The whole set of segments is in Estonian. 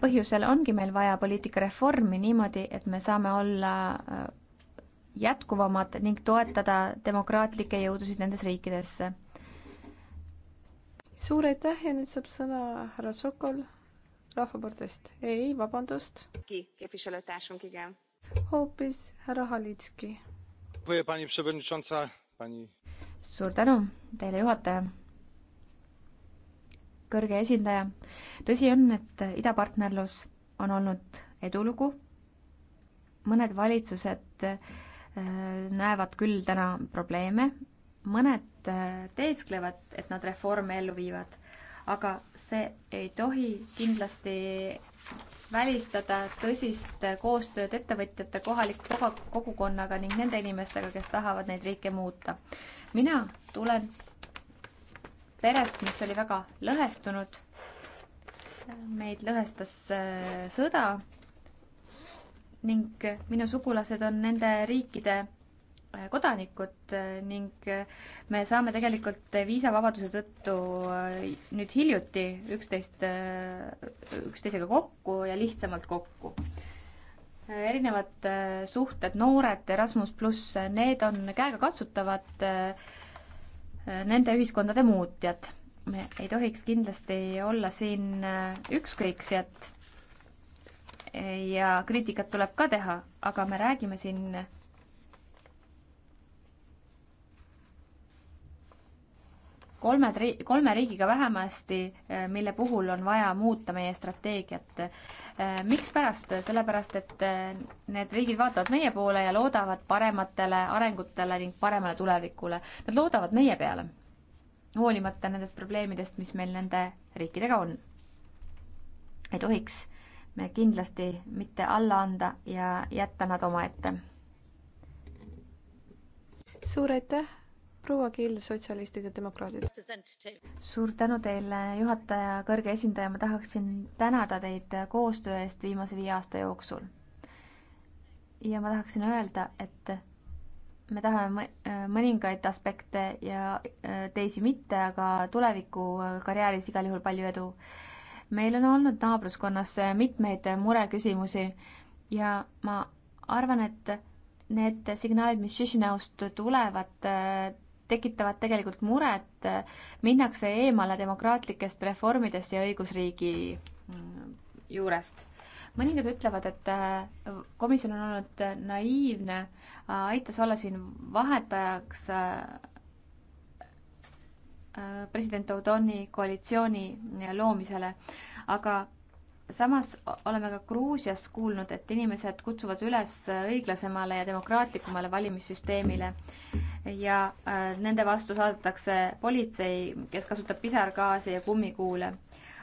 põhjusel ongi meil vaja poliitikareformi niimoodi, et me saame olla äh, jätkuvamad ning toetada demokraatlikke jõudusid nendes riikidesse. suur aitäh ja nüüd saab sõna härra Sokol Rahvaparteist. ei, vabandust. hoopis härra Halitski. suur tänu teile, juhataja kõrge esindaja. tõsi on, et idapartnerlus on olnud edulugu. mõned valitsused äh, näevad küll täna probleeme, mõned äh, teesklevad, et nad reforme ellu viivad, aga see ei tohi kindlasti välistada tõsist äh, koostööd ettevõtjate, kohaliku kogukonnaga ning nende inimestega, kes tahavad neid riike muuta. mina tulen perest, mis oli väga lõhestunud. meid lõhestas äh, sõda ning minu sugulased on nende riikide äh, kodanikud äh, ning me saame tegelikult viisavabaduse tõttu nüüd hiljuti üksteist, üksteisega kokku ja lihtsamalt kokku. erinevad suhted, noored, Erasmus pluss, need on käegakatsutavad nende ühiskondade muutjad. me ei tohiks kindlasti olla siin äh, ükskõiksed ja kriitikat tuleb ka teha, aga me räägime siin kolme, kolme riigiga vähemasti, eh, mille puhul on vaja muuta meie strateegiat. Eh, mikspärast, sellepärast et eh, need riigid vaatavad meie poole ja loodavad parematele arengutele ning paremale tulevikule. Nad loodavad meie peale, hoolimata nendest probleemidest, mis meil nende riikidega on. ei tohiks me kindlasti mitte alla anda ja jätta nad omaette. suur aitäh proua Kill, sotsialistid ja demokraadid. suur tänu teile, juhataja, kõrge esindaja, ma tahaksin tänada teid koostöö eest viimase viie aasta jooksul. ja ma tahaksin öelda, et me tahame mõningaid aspekte ja äh, teisi mitte, aga tulevikukarjääris äh, igal juhul palju edu. meil on olnud naabruskonnas äh, mitmeid mureküsimusi ja ma arvan, et need signaalid, mis Žižinaust tulevad, tekitavad tegelikult muret, minnakse eemale demokraatlikest reformidest ja õigusriigi mm, juurest. mõningad ütlevad, et äh, komisjon on olnud naiivne, äh, aitas olla siin vahetajaks äh, president Dodoni koalitsiooni loomisele, aga samas oleme ka Gruusias kuulnud, et inimesed kutsuvad üles õiglasemale ja demokraatlikumale valimissüsteemile ja äh, nende vastu saadetakse politsei, kes kasutab pisargaasi ja kummikuule.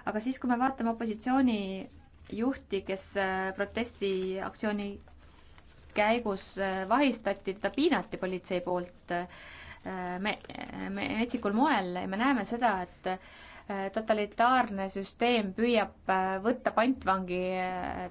aga siis, kui me vaatame opositsiooni juhti, kes äh, protestiaktsiooni käigus äh, vahistati, teda piinati politsei poolt me, me metsikul moel ja me näeme seda, et totalitaarne süsteem püüab võtta pantvangi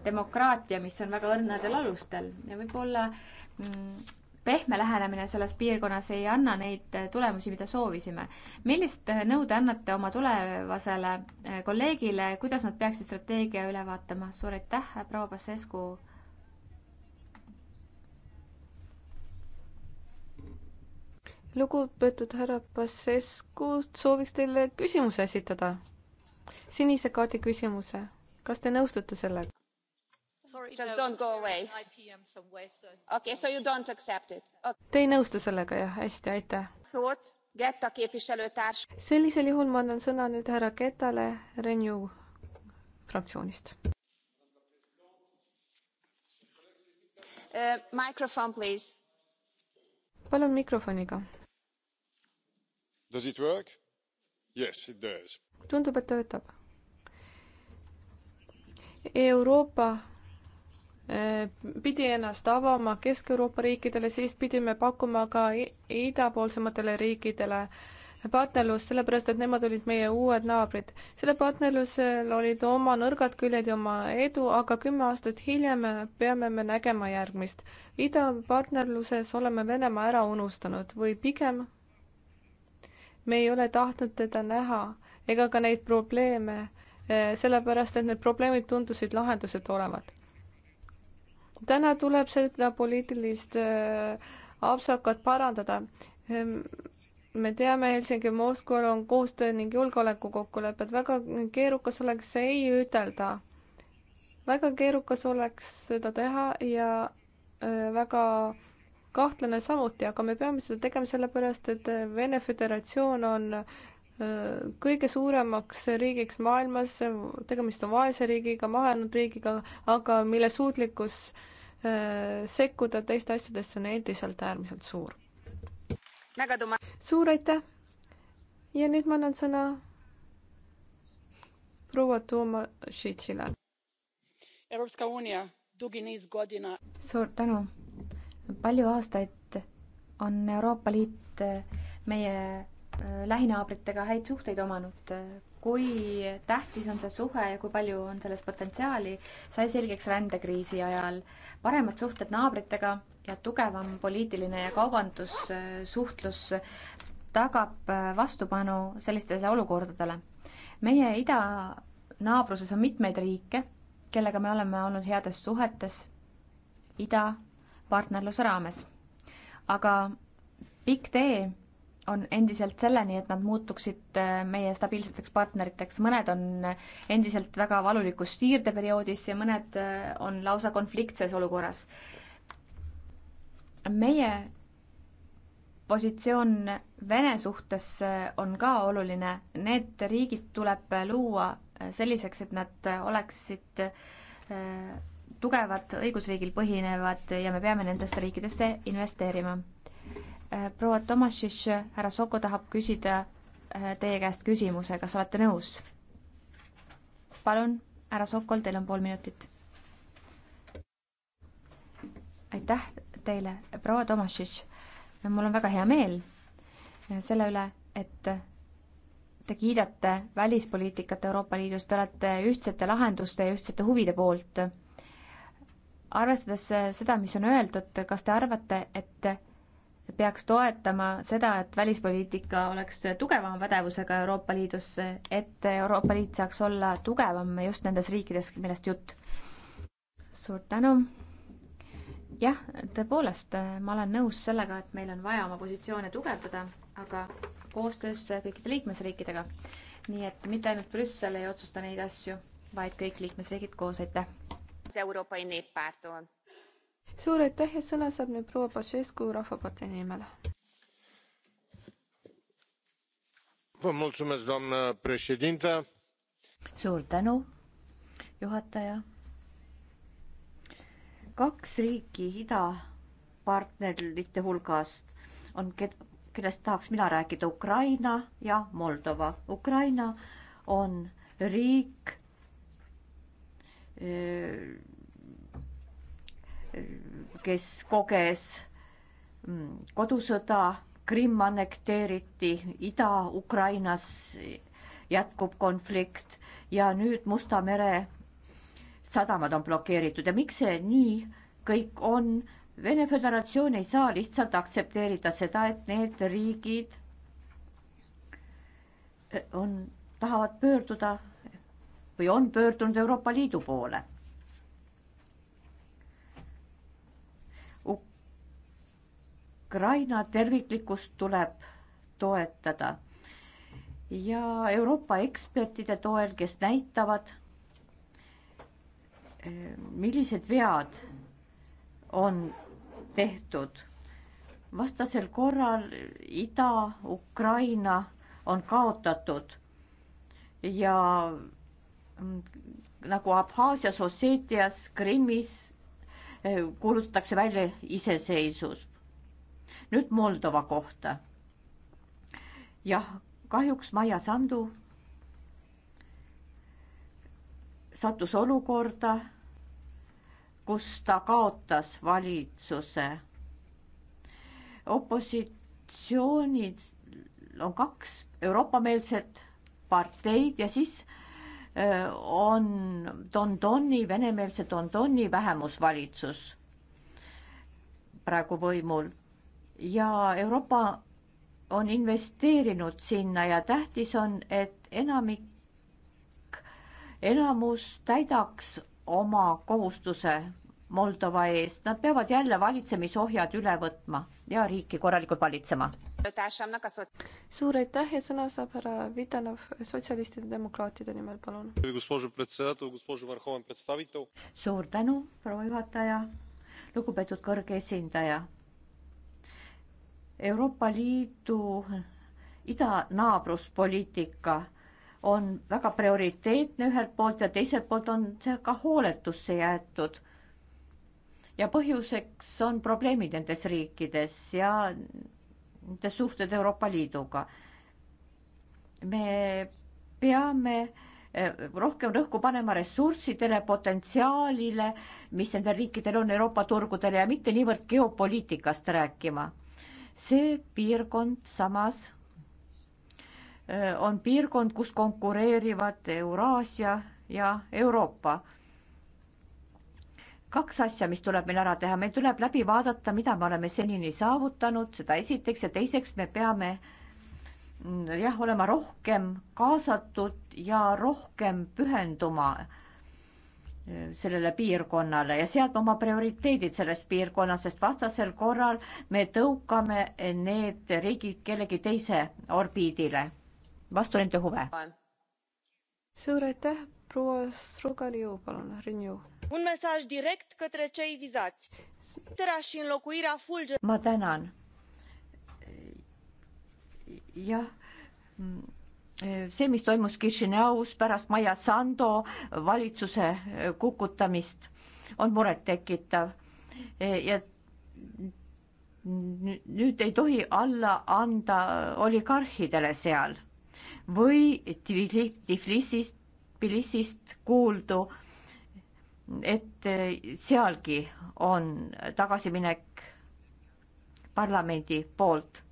demokraatia, mis on väga õrnadel alustel ja võib-olla mm, pehme lähenemine selles piirkonnas ei anna neid tulemusi, mida soovisime. millist nõu te annate oma tulevasele eh, kolleegile, kuidas nad peaksid strateegia üle vaatama? suur aitäh, proua Pasescu. lugupeetud härra Pasescu, sooviks teile küsimuse esitada. sinise kaardi küsimuse. kas te nõustute sellega? just don't go away. Okay, so you don't accept it okay.. Te ei nõustu sellega, jah, hästi, aitäh. sellisel juhul ma annan sõna nüüd härra Ketale Renew fraktsioonist. Uh, Mikrofon, please. palun mikrofoniga. Does it work? Yes, it does. tundub, et töötab. Euroopa pidi ennast avama Kesk-Euroopa riikidele, siis pidime pakkuma ka idapoolsematele riikidele partnerlust, sellepärast et nemad olid meie uued naabrid. selle partnerlusel olid oma nõrgad küljed ja oma edu, aga kümme aastat hiljem peame me nägema järgmist. idapartnerluses oleme Venemaa ära unustanud või pigem me ei ole tahtnud teda näha ega ka neid probleeme, eh, sellepärast et need probleemid tundusid lahendused olevat täna tuleb seda poliitilist äh, apsakat parandada. Ehm, me teame, Helsingi ja Moskval on koostöö ning julgeolekukokkulepped, väga keerukas oleks ei ütelda. väga keerukas oleks seda teha ja äh, väga kahtlane samuti, aga me peame seda tegema sellepärast, et Vene Föderatsioon on äh, kõige suuremaks riigiks maailmas, tegemist on vaese riigiga, mahajäänud riigiga, aga mille suutlikkus äh, Äh, sekkuda teiste asjadesse on endiselt äärmiselt suur. suur aitäh! ja nüüd ma annan sõna proua Tomašitšile. suur tänu! palju aastaid on Euroopa Liit meie äh, lähinaabritega häid suhteid omanud äh, kui tähtis on see suhe ja kui palju on selles potentsiaali, sai selgeks rändekriisi ajal. paremad suhted naabritega ja tugevam poliitiline ja kaubandussuhtlus tagab äh, vastupanu sellistele olukordadele. meie idanaabruses on mitmeid riike, kellega me oleme olnud heades suhetes idapartnerluse raames. aga pikk tee on endiselt selleni, et nad muutuksid äh, meie stabiilseteks partneriteks, mõned on äh, endiselt väga valulikus siirdeperioodis ja mõned äh, on lausa konfliktses olukorras. meie positsioon Vene suhtes on ka oluline, need riigid tuleb luua selliseks, et nad oleksid tugevad, õigusriigil põhinevad ja me peame nendesse riikidesse investeerima Äh, proua Tomašiš, härra Soko tahab küsida äh, teie käest küsimuse, kas olete nõus? palun, härra Sokol, teil on pool minutit. aitäh teile, proua Tomašiš. mul on väga hea meel äh, selle üle, et te kiidate välispoliitikat Euroopa Liidus, te olete ühtsete lahenduste ja ühtsete huvide poolt. arvestades seda, mis on öeldud, kas te arvate, et peaks toetama seda, et välispoliitika oleks tugevama pädevusega Euroopa Liidus, et Euroopa Liit saaks olla tugevam just nendes riikides, millest jutt. suur tänu. jah, tõepoolest, ma olen nõus sellega, et meil on vaja oma positsioone tugevdada, aga koostöös kõikide liikmesriikidega. nii et mitte ainult Brüssel ei otsusta neid asju, vaid kõik liikmesriigid koos, aitäh. Euroopa Liit suur aitäh ja sõna saab nüüd proua Pašescu Rahvapartei nimel. suur tänu, juhataja. kaks riiki idapartnerite hulgast on, kellest tahaks mina rääkida, Ukraina ja Moldova. Ukraina on riik öö, kes koges mm, kodusõda, Krimm annekteeriti, Ida-Ukrainas jätkub konflikt ja nüüd Musta mere sadamad on blokeeritud ja miks see nii kõik on? Vene Föderatsioon ei saa lihtsalt aktsepteerida seda, et need riigid eh, on, tahavad pöörduda või on pöördunud Euroopa Liidu poole Ukraina terviklikkust tuleb toetada ja Euroopa ekspertide toel, kes näitavad, millised vead on tehtud. vastasel korral Ida-Ukraina on kaotatud ja nagu Abhaasias, Osseetias, Krimmis eh, kuulutatakse välja iseseisvus nüüd Moldova kohta. jah, kahjuks Maia Sandu sattus olukorda, kus ta kaotas valitsuse. opositsioonid on kaks euroopameelset parteid ja siis on Dondoni, venemeelse Dondoni vähemusvalitsus praegu võimul ja Euroopa on investeerinud sinna ja tähtis on, et enamik, enamus täidaks oma kohustuse Moldova eest, nad peavad jälle valitsemisohjad üle võtma ja riiki korralikult valitsema. suur aitäh ja sõna saab härra Vitanov sotsialistide demokraatide nimel, palun. suur tänu, proua juhataja, lugupeetud kõrge esindaja Euroopa Liidu idanaabruspoliitika on väga prioriteetne ühelt poolt ja teiselt poolt on see ka hooletusse jäetud. ja põhjuseks on probleemid nendes riikides ja nende suhted Euroopa Liiduga. me peame eh, rohkem rõhku panema ressurssidele, potentsiaalile, mis nendel riikidel on Euroopa turgudel ja mitte niivõrd geopoliitikast rääkima see piirkond samas äh, on piirkond, kus konkureerivad Euraasia ja Euroopa. kaks asja, mis tuleb meil ära teha, meil tuleb läbi vaadata, mida me oleme senini saavutanud, seda esiteks ja teiseks me peame mm, jah, olema rohkem kaasatud ja rohkem pühenduma sellele piirkonnale ja sealt oma prioriteedid selles piirkonnas, sest vastasel korral me tõukame need riigid kellegi teise orbiidile vastu nende huve. suur aitäh, proua Strugaliu, palun, Renew. un mesaj direct către cei vizați. și înlocuirea fulger. ma tänan. jah see, mis toimus Kišineaus pärast Maia Sando valitsuse kukutamist, on murettekitav. ja nüüd ei tohi alla anda oligarhidele seal või Tiflisist, Tbilisist kuuldu, et sealgi on tagasiminek parlamendi poolt.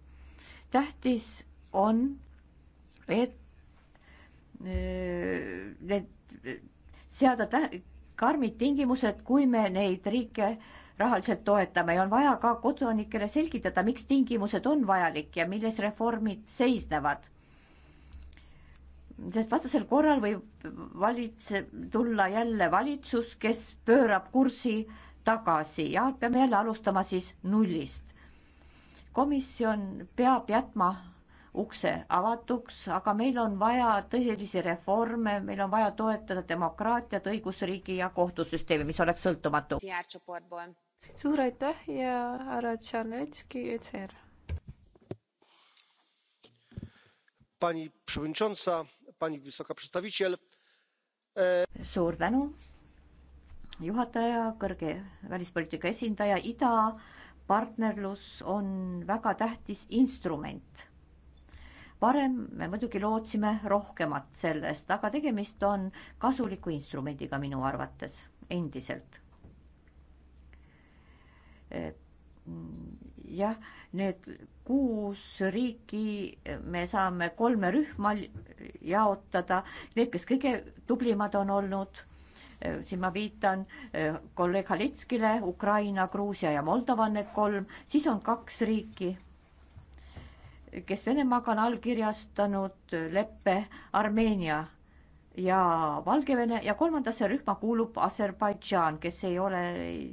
tähtis on, et need seada karmid tingimused, kui me neid riike rahaliselt toetame ja on vaja ka kodanikele selgitada, miks tingimused on vajalik ja milles reformid seisnevad. sest vastasel korral võib valitse, tulla jälle valitsus, kes pöörab kursi tagasi ja peame jälle alustama siis nullist. komisjon peab jätma ukse avatuks, aga meil on vaja tõsilisi reforme, meil on vaja toetada demokraatiat, õigusriigi ja kohtusüsteemi, mis oleks sõltumatu. suur aitäh ja härra Tšernetski, ECR. Pani przewodnicząca, pani wysoka przedstawiciel. E- suur tänu, juhataja, kõrge välispoliitika esindaja, idapartnerlus on väga tähtis instrument varem me muidugi lootsime rohkemat sellest, aga tegemist on kasuliku instrumendiga minu arvates endiselt. jah, need kuus riiki me saame kolme rühma jaotada, need, kes kõige tublimad on olnud siin ma viitan kolleeg Halitskile, Ukraina, Gruusia ja Moldova on need kolm, siis on kaks riiki kes Venemaaga on allkirjastanud leppe Armeenia ja Valgevene ja kolmandasse rühma kuulub Aserbaidžaan, kes ei ole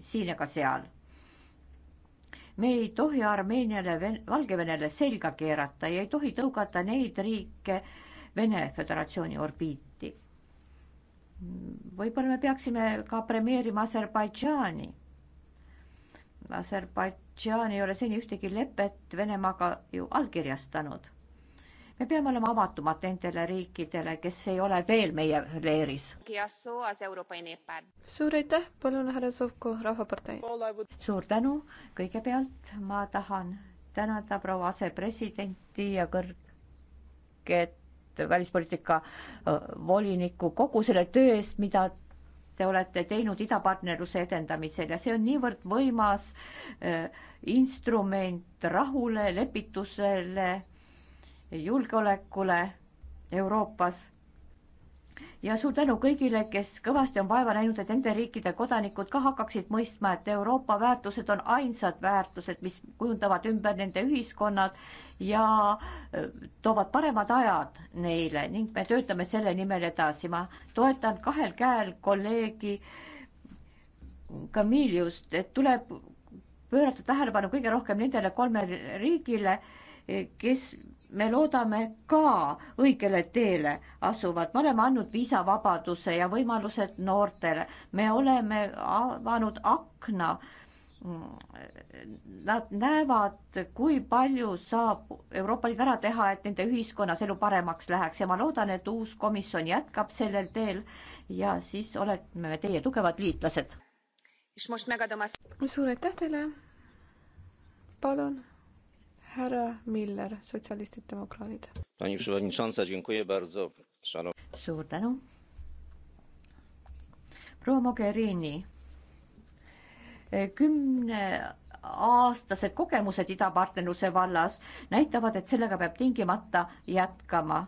siin ega seal. me ei tohi Armeeniale, Valgevenele selga keerata ja ei tohi tõugata neid riike Vene Föderatsiooni orbiiti. võib-olla me peaksime ka premeerima Aserbaidžaani Aserbaidžaan ei ole seni ühtegi lepet Venemaaga ju allkirjastanud. me peame olema avatumad nendele riikidele, kes ei ole veel meie leeris. suur aitäh, palun härra Sovko, Rahvapartei. suur tänu, kõigepealt ma tahan tänada proua asepresidenti ja kõrget välispoliitika äh, voliniku kogu selle töö eest, mida te olete teinud idapartnerluse edendamisel ja see on niivõrd võimas eh, instrument rahule, lepitusele, julgeolekule Euroopas ja suur tänu kõigile, kes kõvasti on vaeva näinud, et nende riikide kodanikud ka hakkaksid mõistma, et Euroopa väärtused on ainsad väärtused, mis kujundavad ümber nende ühiskonnad ja äh, toovad paremad ajad neile ning me töötame selle nimel edasi. ma toetan kahel käel kolleegi Camiliust, et tuleb pöörata tähelepanu kõige rohkem nendele kolmele riigile, kes me loodame ka õigele teele asuvad, me oleme andnud viisavabaduse ja võimalused noortele, me oleme avanud akna. Nad näevad, kui palju saab Euroopa Liit ära teha, et nende ühiskonnas elu paremaks läheks ja ma loodan, et uus komisjon jätkab sellel teel ja siis oleme teie tugevad liitlased. suur aitäh teile. palun härra Miller, sotsialistid, demokraadid. suur tänu. proua Mogherini, kümneaastased kogemused idapartnerluse vallas näitavad, et sellega peab tingimata jätkama.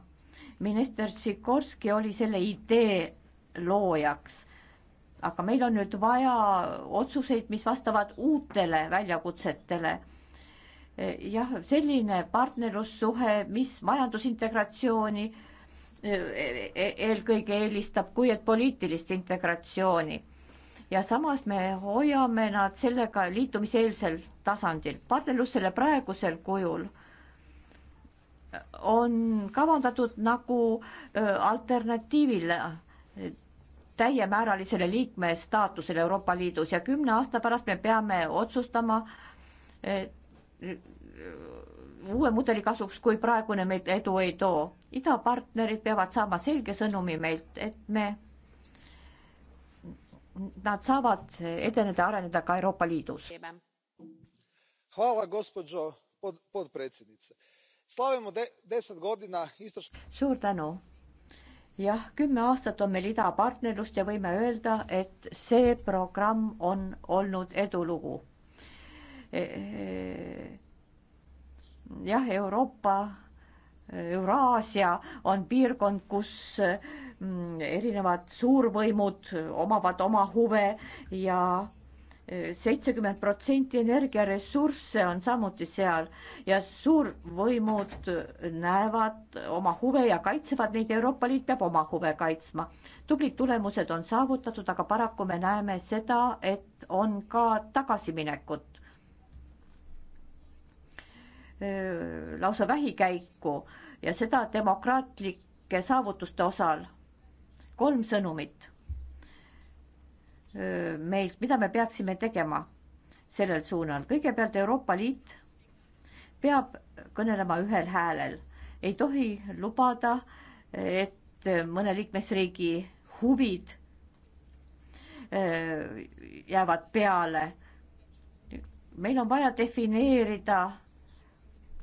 minister Sikorski oli selle idee loojaks aga meil on nüüd vaja otsuseid, mis vastavad uutele väljakutsetele jah, selline partnerlussuhe, mis majandusintegratsiooni e, e, e, eelkõige eelistab, kui et poliitilist integratsiooni. ja samas me hoiame nad sellega liitumiseelsel tasandil, partnerlus selle praegusel kujul on kavandatud nagu alternatiivile täiemääralisele liikme staatusele Euroopa Liidus ja kümne aasta pärast me peame otsustama, et uue mudeli kasuks, kui praegune meid edu ei too. idapartnerid peavad saama selge sõnumi meilt, et me, nad saavad edeneda, areneda ka Euroopa Liidus. suur tänu. jah, kümme aastat on meil idapartnerlust ja võime öelda, et see programm on olnud edulugu E, e, jah, Euroopa, Euraasia on piirkond, kus mm, erinevad suurvõimud omavad oma huve ja e, seitsekümmend protsenti energiaressursse on samuti seal ja suurvõimud näevad oma huve ja kaitsevad neid ja Euroopa Liit peab oma huve kaitsma. tublid tulemused on saavutatud, aga paraku me näeme seda, et on ka tagasiminekut. Äh, lausa vähikäiku ja seda demokraatlike saavutuste osal. kolm sõnumit äh, meilt, mida me peaksime tegema sellel suunal. kõigepealt Euroopa Liit peab kõnelema ühel häälel, ei tohi lubada, et mõne liikmesriigi huvid äh, jäävad peale. meil on vaja defineerida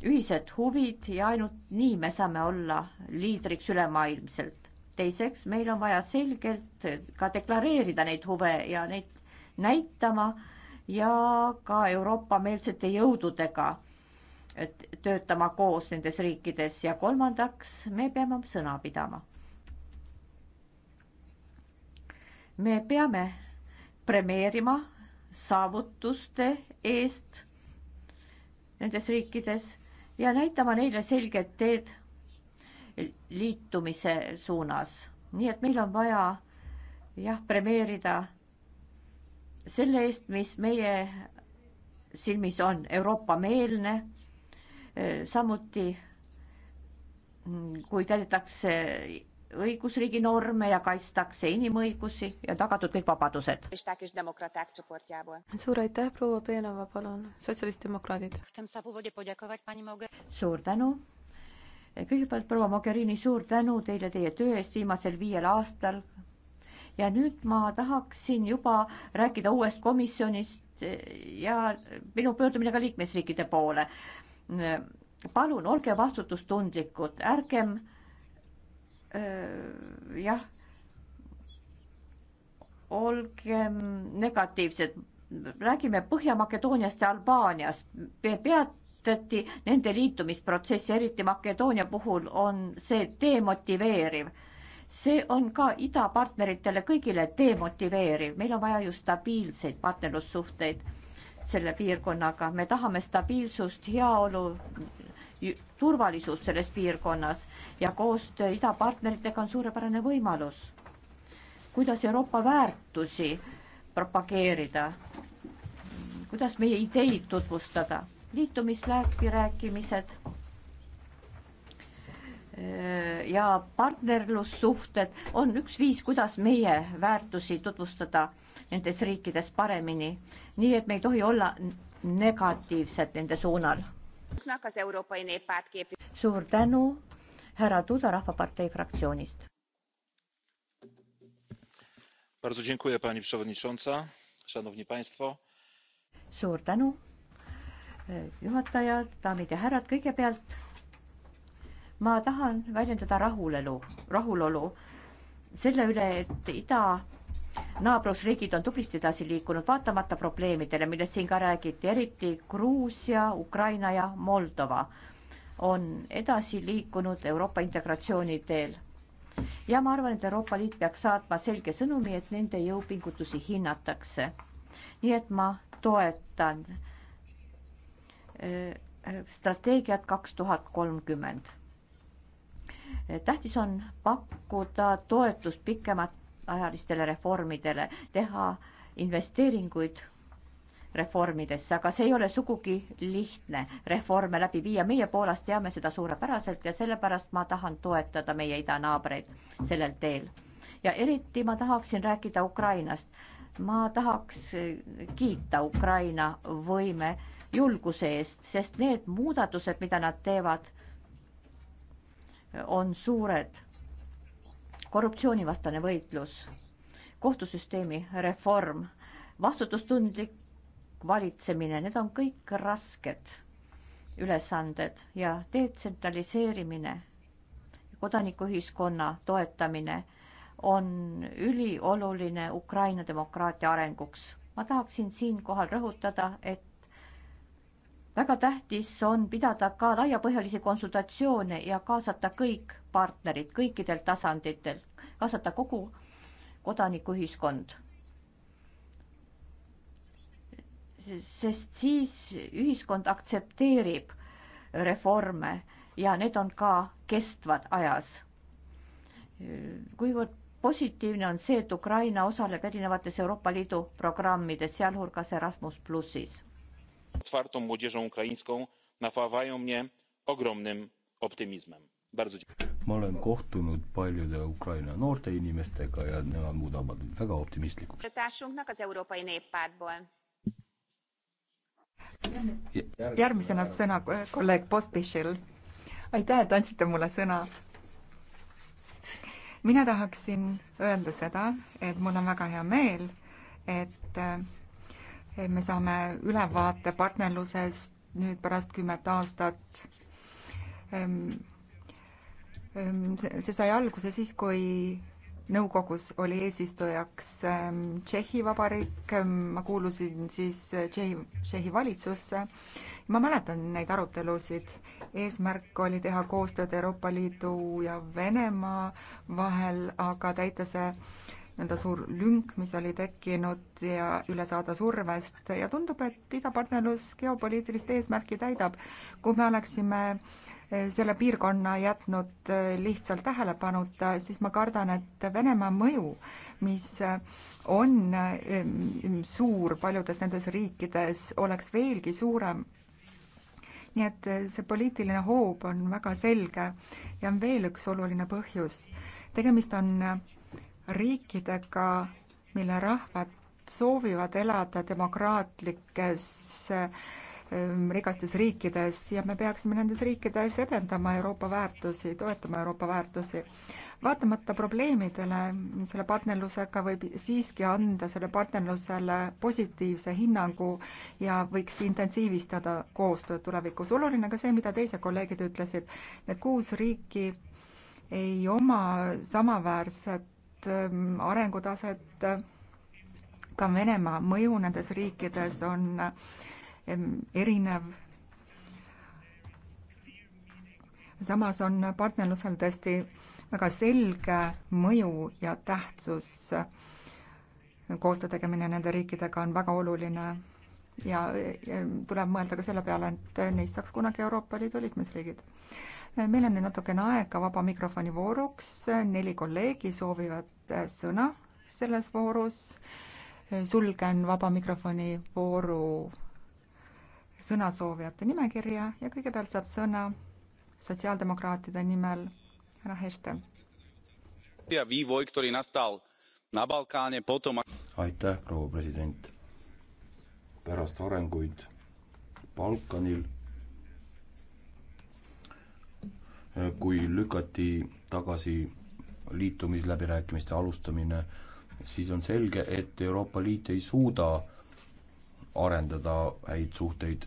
ühised huvid ja ainult nii me saame olla liidriks ülemaailmselt. teiseks, meil on vaja selgelt ka deklareerida neid huve ja neid näitama ja ka Euroopa-meelsete jõududega töötama koos nendes riikides ja kolmandaks, me peame sõna pidama. me peame premeerima saavutuste eest nendes riikides ja näitama neile selget teed liitumise suunas. nii et meil on vaja jah, premeerida selle eest, mis meie silmis on Euroopa-meelne, samuti mm, kui täidetakse õigusriigi norme ja kaitstakse inimõigusi ja tagatud kõik vabadused. suur aitäh, proua Peenova, palun, sotsialistdemokraadid. suur tänu. kõigepealt proua Mogherini, suur tänu teile teie töö eest viimasel viiel aastal. ja nüüd ma tahaksin juba rääkida uuest komisjonist ja minu pöördumine ka liikmesriikide poole. palun olge vastutustundlikud, ärgem jah, olgem negatiivsed, räägime Põhja-Makedooniast ja Albaaniast, peatati nende liitumisprotsessi, eriti Makedoonia puhul on see demotiveeriv. see on ka idapartneritele kõigile demotiveeriv, meil on vaja ju stabiilseid partnerlussuhteid selle piirkonnaga, me tahame stabiilsust, heaolu, turvalisust selles piirkonnas ja koostöö idapartneritega on suurepärane võimalus. kuidas Euroopa väärtusi propageerida, kuidas meie ideid tutvustada, liitumisläbirääkimised ja partnerlussuhted on üks viis, kuidas meie väärtusi tutvustada nendes riikides paremini, nii et me ei tohi olla negatiivsed nende suunal suur tänu, härra Duda Rahvapartei fraktsioonist. suur tänu, juhataja, daamid ja härrad, kõigepealt ma tahan väljendada rahulelu, rahulolu selle üle, et Ida naabrusriigid on tublisti edasi liikunud, vaatamata probleemidele, millest siin ka räägiti, eriti Gruusia, Ukraina ja Moldova on edasi liikunud Euroopa integratsiooni teel. ja ma arvan, et Euroopa Liit peaks saatma selge sõnumi, et nende jõupingutusi hinnatakse. nii et ma toetan äh, strateegiat kaks tuhat kolmkümmend. tähtis on pakkuda toetust pikemat pikaajalistele reformidele, teha investeeringuid reformidesse, aga see ei ole sugugi lihtne reforme läbi viia. meie Poolas teame seda suurepäraselt ja sellepärast ma tahan toetada meie idanaabreid sellel teel. ja eriti ma tahaksin rääkida Ukrainast. ma tahaks kiita Ukraina võime julguse eest, sest need muudatused, mida nad teevad, on suured korruptsioonivastane võitlus, kohtusüsteemi reform, vastutustundlik valitsemine, need on kõik rasked ülesanded ja detsentraliseerimine, kodanikuühiskonna toetamine on ülioluline Ukraina demokraatia arenguks. ma tahaksin siinkohal rõhutada, et väga tähtis on pidada ka laiapõhjalisi konsultatsioone ja kaasata kõik partnerid kõikidel tasanditel, kaasata kogu kodanikuühiskond. sest siis ühiskond aktsepteerib reforme ja need on ka kestvad ajas. kuivõrd positiivne on see, et Ukraina osaleb erinevates Euroopa Liidu programmides, sealhulgas Erasmus plussis otwartą młodzieżą ukraińską napawają mnie ogromnym optymizmem. ma olen kohtunud paljude Ukraina noorte inimestega ja nemad muudavad mind väga optimistlikuks. järgmisena sõna kolleeg Pospišil. aitäh, et andsite mulle sõna mina tahaksin öelda seda, et mul on väga hea meel, et me saame ülevaate partnerlusest nüüd pärast kümmet aastat. Ehm, ehm, see sai alguse siis, kui nõukogus oli eesistujaks ehm, Tšehhi Vabariik, ma kuulusin siis Tšehhi, Tšehhi valitsusse. ma mäletan neid arutelusid, eesmärk oli teha koostööd Euroopa Liidu ja Venemaa vahel, aga täita see nii-öelda suur lünk, mis oli tekkinud ja üle saada survest ja tundub, et idapartnerlus geopoliitilist eesmärki täidab. kui me oleksime eh, selle piirkonna jätnud eh, lihtsalt tähelepanuta, siis ma kardan, et Venemaa mõju, mis eh, on suur paljudes nendes riikides, oleks veelgi suurem nii et see poliitiline hoob on väga selge ja on veel üks oluline põhjus. tegemist on riikidega, mille rahvad soovivad elada demokraatlikes ähm, rikastes riikides ja me peaksime nendes riikides edendama Euroopa väärtusi, toetama Euroopa väärtusi. vaatamata probleemidele selle partnerlusega võib siiski anda selle partnerlusele positiivse hinnangu ja võiks intensiivistada koostööd tulevikus. oluline ka see, mida teised kolleegid ütlesid, need kuus riiki ei oma samaväärset Ähm, arengutaset, äh, ka Venemaa mõju nendes riikides on ähm, erinev. samas on partnerlusel tõesti väga selge mõju ja tähtsus. koostöö tegemine nende riikidega on väga oluline ja, ja tuleb mõelda ka selle peale, et neist saaks kunagi Euroopa Liidu liikmesriigid. meil on nüüd natukene aega vaba mikrofoni vooruks, neli kolleegi soovivad sõna selles voorus. sulgen vaba mikrofoni vooru sõnasoovijate nimekirja ja kõigepealt saab sõna sotsiaaldemokraatide nimel härra Heste. aitäh, proua president. pärast arenguid Balkanil kui lükati tagasi liitumisläbirääkimiste alustamine, siis on selge, et Euroopa Liit ei suuda arendada häid suhteid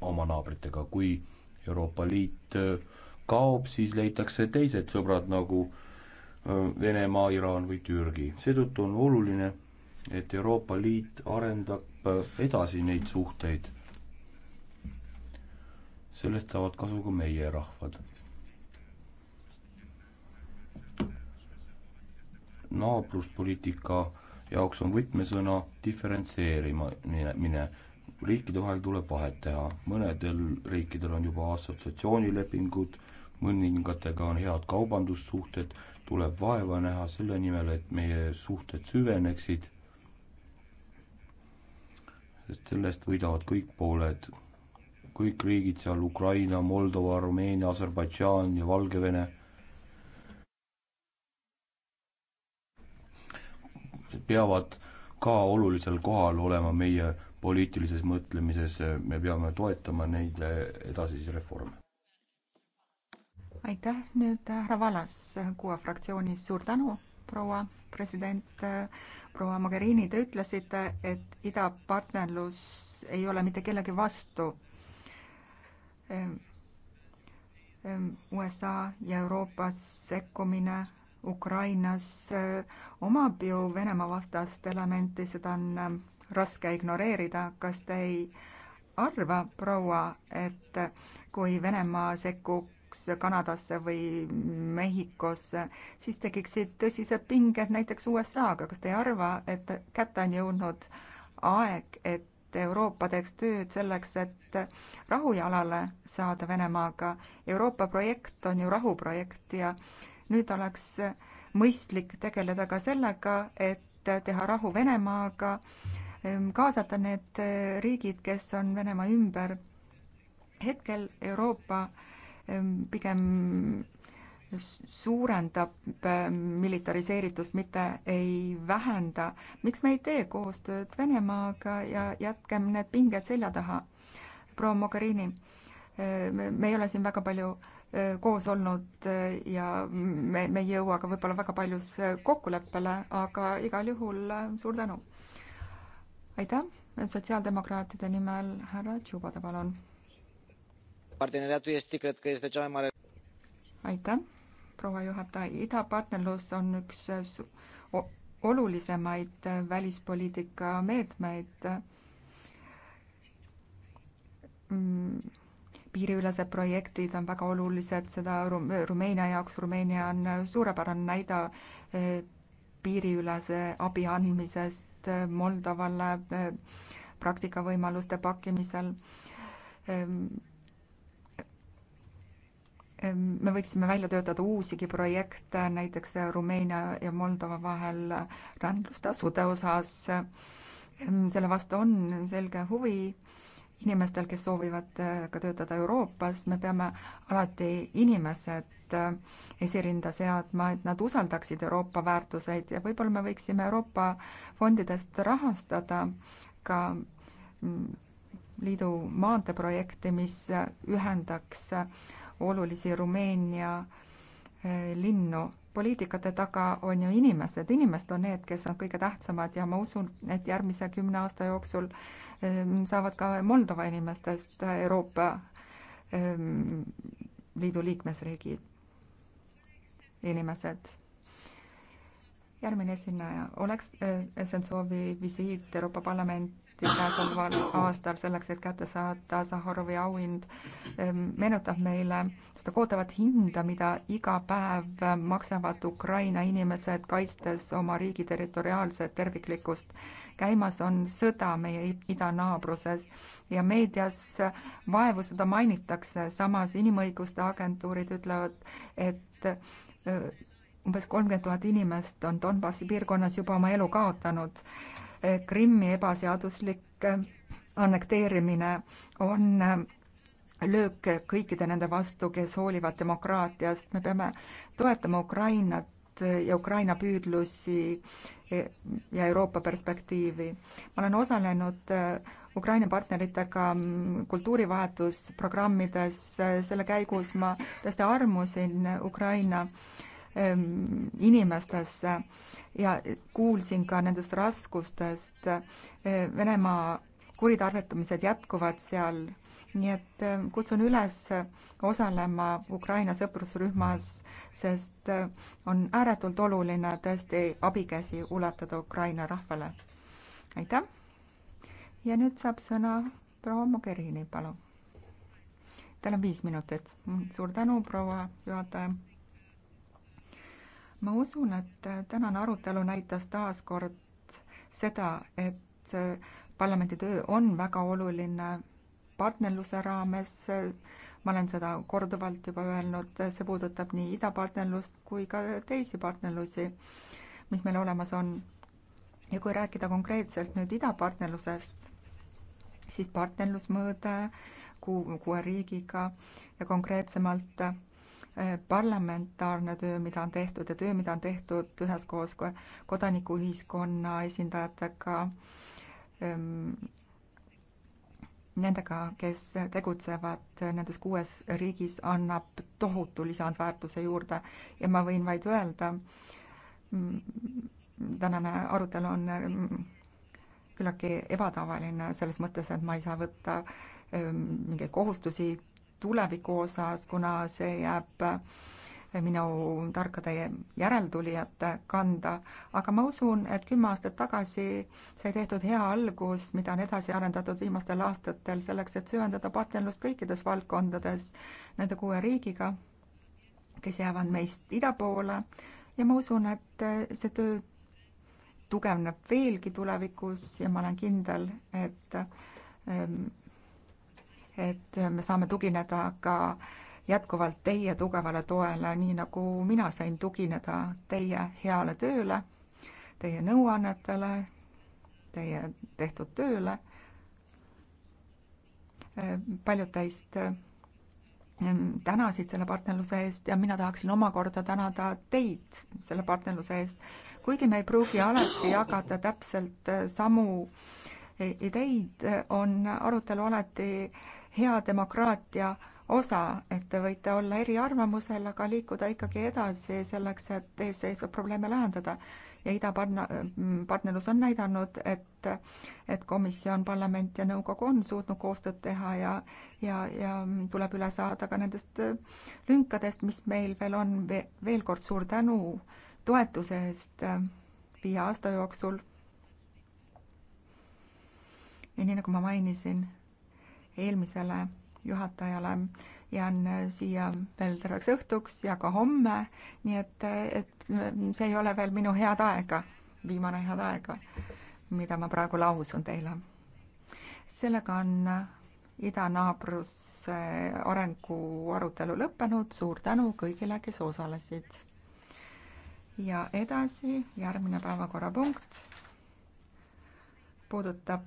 oma naabritega, kui Euroopa Liit äh, kaob, siis leitakse teised sõbrad nagu äh, Venemaa, Iraan või Türgi. seetõttu on oluline, et Euroopa Liit arendab äh, edasi neid suhteid. sellest saavad kasu ka meie rahvad. naabruspoliitika jaoks on võtmesõna diferentseerimine mine. riikide vahel tuleb vahet teha mõnedel riikidel on juba assotsiatsioonilepingud mõningatega on head kaubandussuhted tuleb vaeva näha selle nimel et meie suhted süveneksid sest sellest võidavad kõik pooled kõik riigid seal Ukraina, Moldova, Armeenia, Aserbaidžaan ja Valgevene peavad ka olulisel kohal olema meie poliitilises mõtlemises, me peame toetama neid edasisi reforme. aitäh, nüüd härra Vallas kuue fraktsioonis, suur tänu, proua president, proua Mogherini, te ütlesite, et idapartnerlus ei ole mitte kellegi vastu. Ehm, ehm, USA ja Euroopas sekkumine Ukrainas äh, omab ju Venemaa vastast elementi, seda on äh, raske ignoreerida, kas te ei arva, proua, et kui Venemaa sekkuks Kanadasse või Mehhikosse, siis tekiksid tõsised pinged näiteks USA-ga, kas te ei arva, et kätte on jõudnud aeg, et Euroopa teeks tööd selleks, et rahujalale saada Venemaaga. Euroopa projekt on ju rahuprojekt ja nüüd oleks mõistlik tegeleda ka sellega, et teha rahu Venemaaga, ehm, kaasata need riigid, kes on Venemaa ümber. hetkel Euroopa ehm, pigem suurendab ehm, militariseeritust, mitte ei vähenda. miks me ei tee koostööd Venemaaga ja jätkem need pinged selja taha? proua Mogherini, me ei ole siin väga palju äh, koos olnud ja me, me ei jõua ka võib-olla väga paljus kokkuleppele, aga igal juhul suur tänu. aitäh, sotsiaaldemokraatide nimel härra Tšubada, palun. aitäh, proua juhataja, idapartnerlus on üks olulisemaid välispoliitika meetmeid mm piiriülesed projektid on väga olulised, seda Rumeenia jaoks, Rumeenia on äh, suurepärane näide äh, piiriülese abi andmisest äh, Moldovale praktikavõimaluste pakkimisel. Ehm, ehm, me võiksime välja töötada uusigi projekte, näiteks Rumeenia ja Moldova vahel rändlustasude osas. Ehm, selle vastu on selge huvi inimestel, kes soovivad äh, ka töötada Euroopas, me peame alati inimesed äh, esirinda seadma, et nad usaldaksid Euroopa väärtuseid ja võib-olla me võiksime Euroopa fondidest rahastada ka mm, liidu maanteeprojekti, mis ühendaks äh, olulisi Rumeenia Eh, linnu. poliitikate taga on ju inimesed, inimesed on need, kes on kõige tähtsamad ja ma usun, et järgmise kümne aasta jooksul ehm, saavad ka Moldova inimestest Euroopa ehm, Liidu liikmesriigid, inimesed. järgmine esineja oleks eh, Sentsovi visiit Euroopa Parlamenti tehti käesoleval aastal selleks, et kätte saada Sahharovi auhind, ehm, meenutab meile seda kohutavat hinda, mida iga päev maksavad Ukraina inimesed, kaitstes oma riigi territoriaalset terviklikkust. käimas on sõda meie idanaabruses ja meedias vaevu seda mainitakse, samas inimõiguste agentuurid ütlevad, et umbes kolmkümmend tuhat inimest on Donbassi piirkonnas juba oma elu kaotanud Krimmi ebaseaduslik eh, annekteerimine on eh, löök kõikide nende vastu, kes hoolivad demokraatiast, me peame toetama Ukrainat ja Ukraina püüdlusi eh, ja Euroopa perspektiivi. ma olen osalenud Ukraina partneritega mm, kultuurivahetusprogrammides, selle käigus ma tõesti armusin Ukraina äh, Ähm, inimestesse ja kuulsin ka nendest raskustest. Äh, Venemaa kuritarvitamised jätkuvad seal, nii et ähm, kutsun üles osalema Ukraina sõprusrühmas, sest äh, on ääretult oluline tõesti abikäsi ulatada Ukraina rahvale. aitäh! ja nüüd saab sõna proua Mogherini, palun. Teil on viis minutit. suur tänu, proua juhataja ma usun, et tänane arutelu näitas taas kord seda, et parlamendi töö on väga oluline partnerluse raames, ma olen seda korduvalt juba öelnud, see puudutab nii idapartnerlust kui ka teisi partnerlusi, mis meil olemas on. ja kui rääkida konkreetselt nüüd idapartnerlusest, siis partnerlusmõõde kuue riigiga ja konkreetsemalt Eh, parlamentaarne töö, mida on tehtud ja töö, mida on tehtud üheskoos kodanikuühiskonna esindajatega, ehm, nendega, kes tegutsevad nendes kuues riigis, annab tohutu lisandväärtuse juurde ja ma võin vaid öelda, mm, tänane arutelu on mm, küllaltki ebatavaline selles mõttes, et ma ei saa võtta ehm, mingeid kohustusi tuleviku osas, kuna see jääb äh, minu tarkade järeltulijate kanda, aga ma usun, et kümme aastat tagasi sai tehtud hea algus, mida on edasi arendatud viimastel aastatel selleks, et süvendada partnerlust kõikides valdkondades nende kuue riigiga, kes jäävad meist ida poole ja ma usun, et äh, see töö tugevneb veelgi tulevikus ja ma olen kindel, et äh, et me saame tugineda ka jätkuvalt teie tugevale toele, nii nagu mina sain tugineda teie heale tööle, teie nõuannetele, teie tehtud tööle. paljud teist mm, tänasid selle partnerluse eest ja mina tahaksin omakorda tänada teid selle partnerluse eest, kuigi me ei pruugi alati jagada täpselt samu ideid, on arutelu alati äh, hea demokraatia osa, et te võite olla eriarvamusel, aga liikuda ikkagi edasi selleks, et eesseisvaid probleeme lahendada. ja idapartna-, partnerlus on näidanud, et, et komisjon, parlament ja nõukogu on suutnud koostööd teha ja ja, ja tuleb üle saada ka nendest lünkadest, mis meil veel on, veel kord suur tänu toetuse eest äh, viie aasta jooksul. ja nii, nagu ma mainisin eelmisele juhatajale, jään äh, siia veel terveks õhtuks ja ka homme, nii et, äh, et äh, see ei ole veel minu head aega, viimane head aega, mida ma praegu lausun teile. sellega on idanaabruse arengu arutelu lõppenud, suur tänu kõigile, kes osalesid. ja edasi järgmine päevakorrapunkt puudutab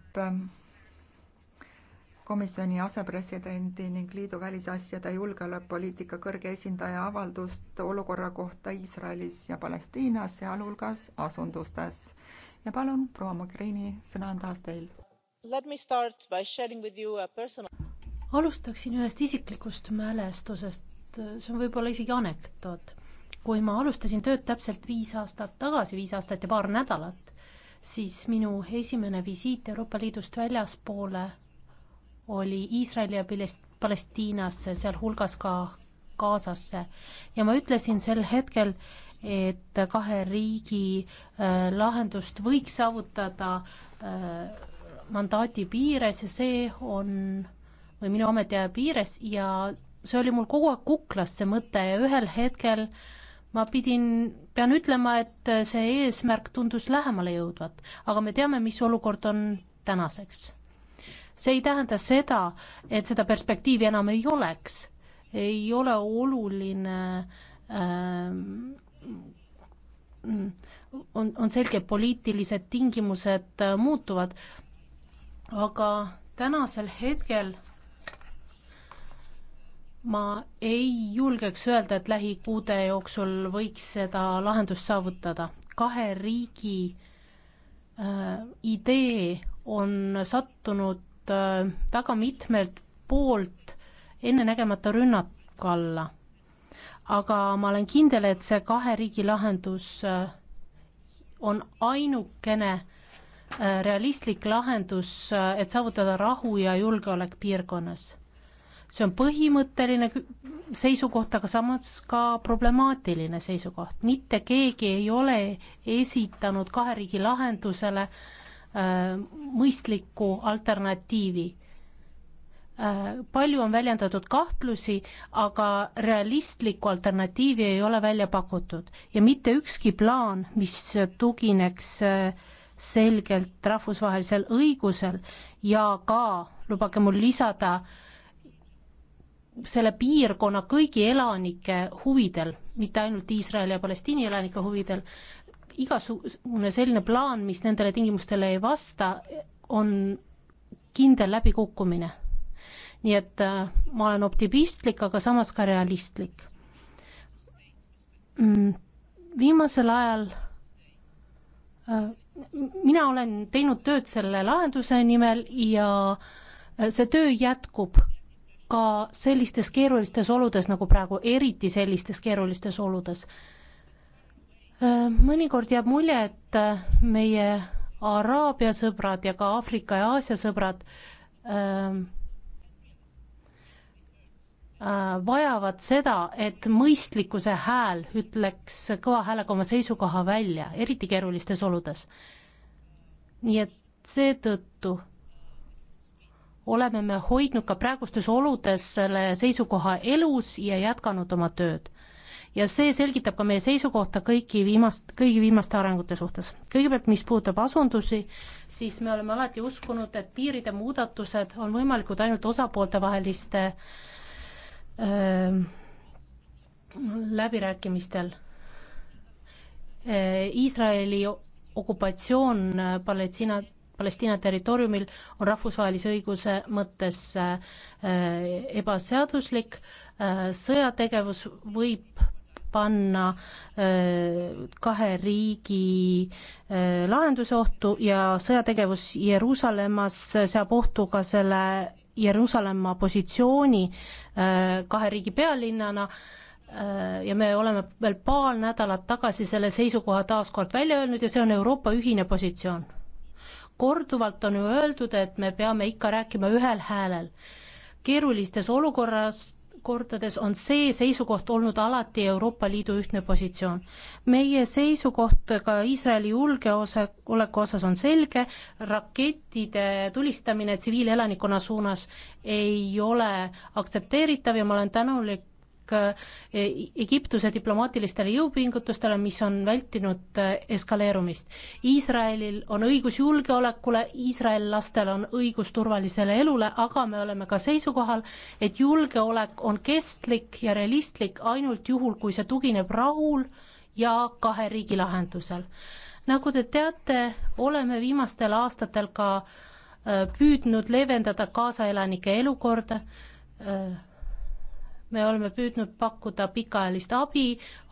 komisjoni asepresidendi ning liidu välisasjade ja julgeolekupoliitika kõrge esindaja avaldust olukorra kohta Iisraelis ja Palestiinas, sealhulgas asundustes. ja palun, proua Mogherini, sõna on taas teil. Personal... alustaksin ühest isiklikust mälestusest, see on võib-olla isegi anekdoot. kui ma alustasin tööd täpselt viis aastat tagasi, viis aastat ja paar nädalat, siis minu esimene visiit Euroopa Liidust väljaspoole oli Iisraeli ja Palestiinasse, sealhulgas ka Gazasse ja ma ütlesin sel hetkel, et kahe riigi äh, lahendust võiks saavutada äh, mandaati piires ja see on, või minu ametiaja piires ja see oli mul kogu aeg kuklas, see mõte ja ühel hetkel ma pidin, pean ütlema, et see eesmärk tundus lähemale jõudvat, aga me teame, mis olukord on tänaseks see ei tähenda seda, et seda perspektiivi enam ei oleks. ei ole oluline ähm, on, on selge, et poliitilised tingimused äh, muutuvad, aga tänasel hetkel ma ei julgeks öelda, et lähikuude jooksul võiks seda lahendust saavutada. kahe riigi äh, idee on sattunud sattunud äh, väga mitmelt poolt ennenägemata rünnaku alla. aga ma olen kindel, et see kahe riigi lahendus äh, on ainukene äh, realistlik lahendus, et saavutada rahu ja julgeolek piirkonnas. see on põhimõtteline seisukoht, aga samas ka problemaatiline seisukoht. mitte keegi ei ole esitanud kahe riigi lahendusele äh, Äh, mõistlikku alternatiivi. Äh, palju on väljendatud kahtlusi, aga realistlikku alternatiivi ei ole välja pakutud ja mitte ükski plaan, mis tugineks äh, selgelt rahvusvahelisel õigusel ja ka, lubage mul lisada, selle piirkonna kõigi elanike huvidel, mitte ainult Iisraeli ja Palestiini elanike huvidel, igasugune selline plaan, mis nendele tingimustele ei vasta, on kindel läbikukkumine. nii et äh, ma olen optimistlik, aga samas ka realistlik. Mm, viimasel ajal äh, mina olen teinud tööd selle lahenduse nimel ja äh, see töö jätkub ka sellistes keerulistes oludes nagu praegu, eriti sellistes keerulistes oludes mõnikord jääb mulje, et äh, meie Araabia sõbrad ja ka Aafrika ja Aasia sõbrad ähm, äh, vajavad seda, et mõistlikkuse hääl ütleks kõva häälega oma seisukoha välja, eriti keerulistes oludes. nii et seetõttu oleme me hoidnud ka praegustes oludes selle seisukoha elus ja jätkanud oma tööd ja see selgitab ka meie seisukohta kõiki viimast, kõigi viimaste arengute suhtes. kõigepealt, mis puudutab asundusi, siis me oleme alati uskunud, et piiride muudatused on võimalikud ainult osapooltevaheliste äh, läbirääkimistel äh,. Iisraeli okupatsioon Palestiina Palestiina territooriumil on rahvusvahelise õiguse mõttes ebaseaduslik, sõjategevus võib panna kahe riigi lahenduse ohtu ja sõjategevus Jeruusalemmas seab ohtu ka selle Jeruusalemma positsiooni kahe riigi pealinnana ja me oleme veel paar nädalat tagasi selle seisukoha taas kord välja öelnud ja see on Euroopa ühine positsioon. korduvalt on ju öeldud, et me peame ikka rääkima ühel häälel. keerulistes olukorras kordades on see seisukoht olnud alati Euroopa Liidu ühtne positsioon. meie seisukoht ka Iisraeli julgeoleku osas on selge, rakettide tulistamine tsiviilelanikkonna suunas ei ole aktsepteeritav ja ma olen tänulik tänulik e, Egiptuse diplomaatilistele jõupingutustele, mis on vältinud e, eskaleerumist. Iisraelil on õigus julgeolekule, iisraellastel on õigus turvalisele elule, aga me oleme ka seisukohal, et julgeolek on kestlik ja realistlik ainult juhul, kui see tugineb rahul ja kahe riigi lahendusel. nagu te teate, oleme viimastel aastatel ka e, püüdnud leevendada kaasaelanike elukorda, me oleme püüdnud pakkuda pikaajalist abi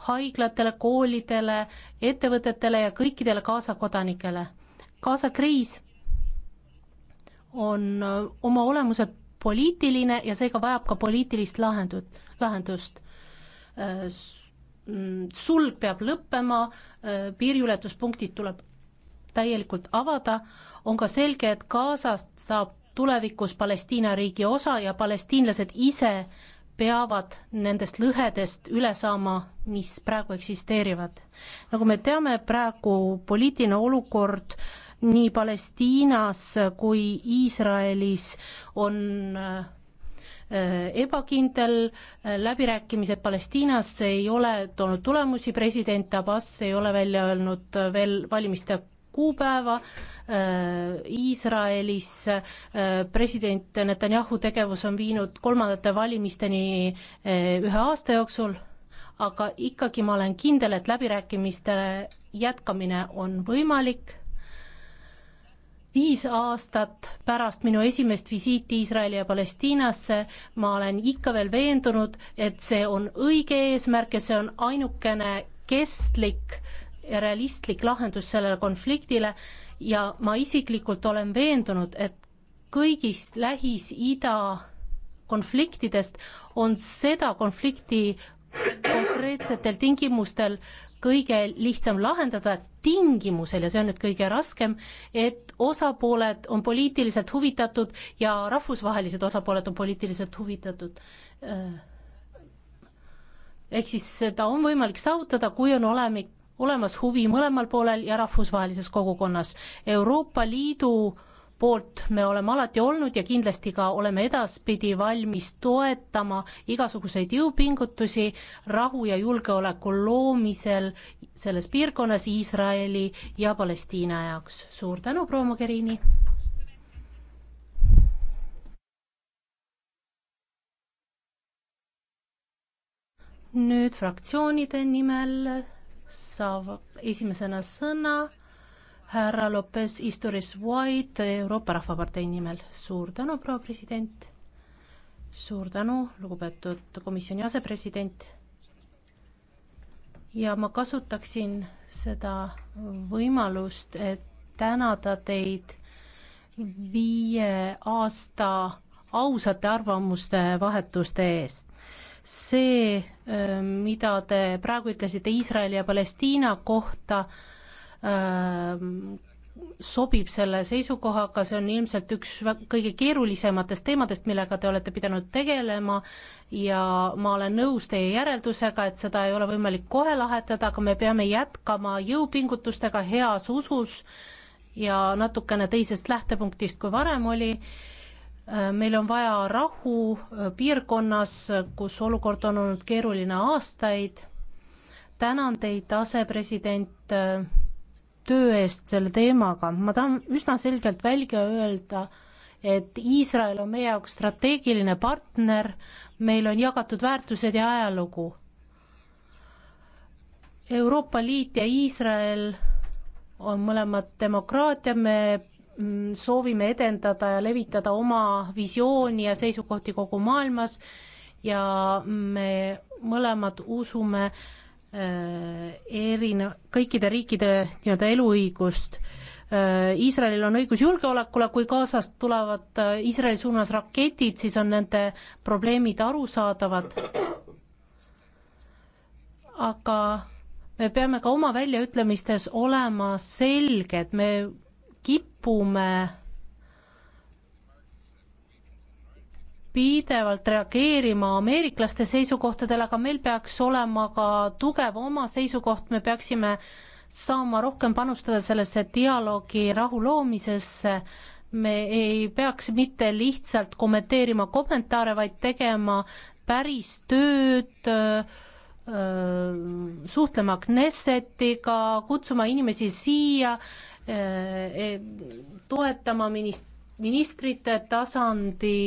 haiglatele, koolidele, ettevõtetele ja kõikidele Gaza kodanikele. Gaza kriis on äh, oma olemuse poliitiline ja seega vajab ka poliitilist lahendut, lahendust. Äh, mm, sulg peab lõppema, äh, piiriületuspunktid tuleb täielikult avada, on ka selge, et Gazast saab tulevikus Palestiina riigi osa ja palestiinlased ise peavad nendest lõhedest üle saama, mis praegu eksisteerivad. nagu me teame, praegu poliitiline olukord nii Palestiinas kui Iisraelis on äh, ebakindel, läbirääkimised Palestiinas ei ole toonud tulemusi, president Abbas ei ole välja öelnud veel valimiste kuupäeva äh, Iisraelis äh, president Netanyahu tegevus on viinud kolmandate valimisteni äh, ühe aasta jooksul, aga ikkagi ma olen kindel, et läbirääkimiste jätkamine on võimalik viis aastat pärast minu esimest visiiti Iisraeli ja Palestiinasse ma olen ikka veel veendunud, et see on õige eesmärk ja see on ainukene kestlik realistlik lahendus sellele konfliktile ja ma isiklikult olen veendunud, et kõigist Lähis-Ida konfliktidest on seda konflikti konkreetsetel tingimustel kõige lihtsam lahendada tingimusel ja see on nüüd kõige raskem, et osapooled on poliitiliselt huvitatud ja rahvusvahelised osapooled on poliitiliselt huvitatud. ehk siis seda on võimalik saavutada, kui on olemik, olemas huvi mõlemal poolel ja rahvusvahelises kogukonnas. Euroopa Liidu poolt me oleme alati olnud ja kindlasti ka oleme edaspidi valmis toetama igasuguseid jõupingutusi rahu ja julgeoleku loomisel selles piirkonnas Iisraeli ja Palestiina jaoks. suur tänu, proua Mogherini! nüüd fraktsioonide nimel saab esimesena sõna härra Lopez Isturis White Euroopa Rahvapartei nimel. suur tänu, proua president. suur tänu, lugupeetud komisjoni asepresident. ja ma kasutaksin seda võimalust, et tänada teid viie aasta ausate arvamuste vahetuste eest see, mida te praegu ütlesite Iisraeli ja Palestiina kohta, sobib selle seisukohaga, see on ilmselt üks kõige keerulisematest teemadest, millega te olete pidanud tegelema ja ma olen nõus teie järeldusega, et seda ei ole võimalik kohe lahetada, aga me peame jätkama jõupingutustega heas usus ja natukene teisest lähtepunktist, kui varem oli Äh, meil on vaja rahu äh, piirkonnas, äh, kus olukord on olnud keeruline aastaid. tänan teid, asepresident, töö eest selle teemaga. ma tahan üsna selgelt välja öelda, et Iisrael on meie jaoks strateegiline partner, meil on jagatud väärtused ja ajalugu. Euroopa Liit ja Iisrael on mõlemad demokraatia, me Mm, soovime edendada ja levitada oma visiooni ja seisukohti kogu maailmas ja me mõlemad usume äh, erine-, kõikide riikide nii-öelda eluõigust. Äh, Iisraelil on õigus julgeolekule, kui Gazast tulevad äh, Iisraeli suunas raketid, siis on nende probleemid arusaadavad, aga me peame ka oma väljaütlemistes olema selged, me kipume pidevalt reageerima ameeriklaste seisukohtadele, aga meil peaks olema ka tugev oma seisukoht, me peaksime saama rohkem panustada sellesse dialoogi rahu loomisesse, me ei peaks mitte lihtsalt kommenteerima kommentaare, vaid tegema päris tööd, äh, suhtlema Knessetiga, kutsuma inimesi siia Eh, eh, toetama minist-, ministrite tasandi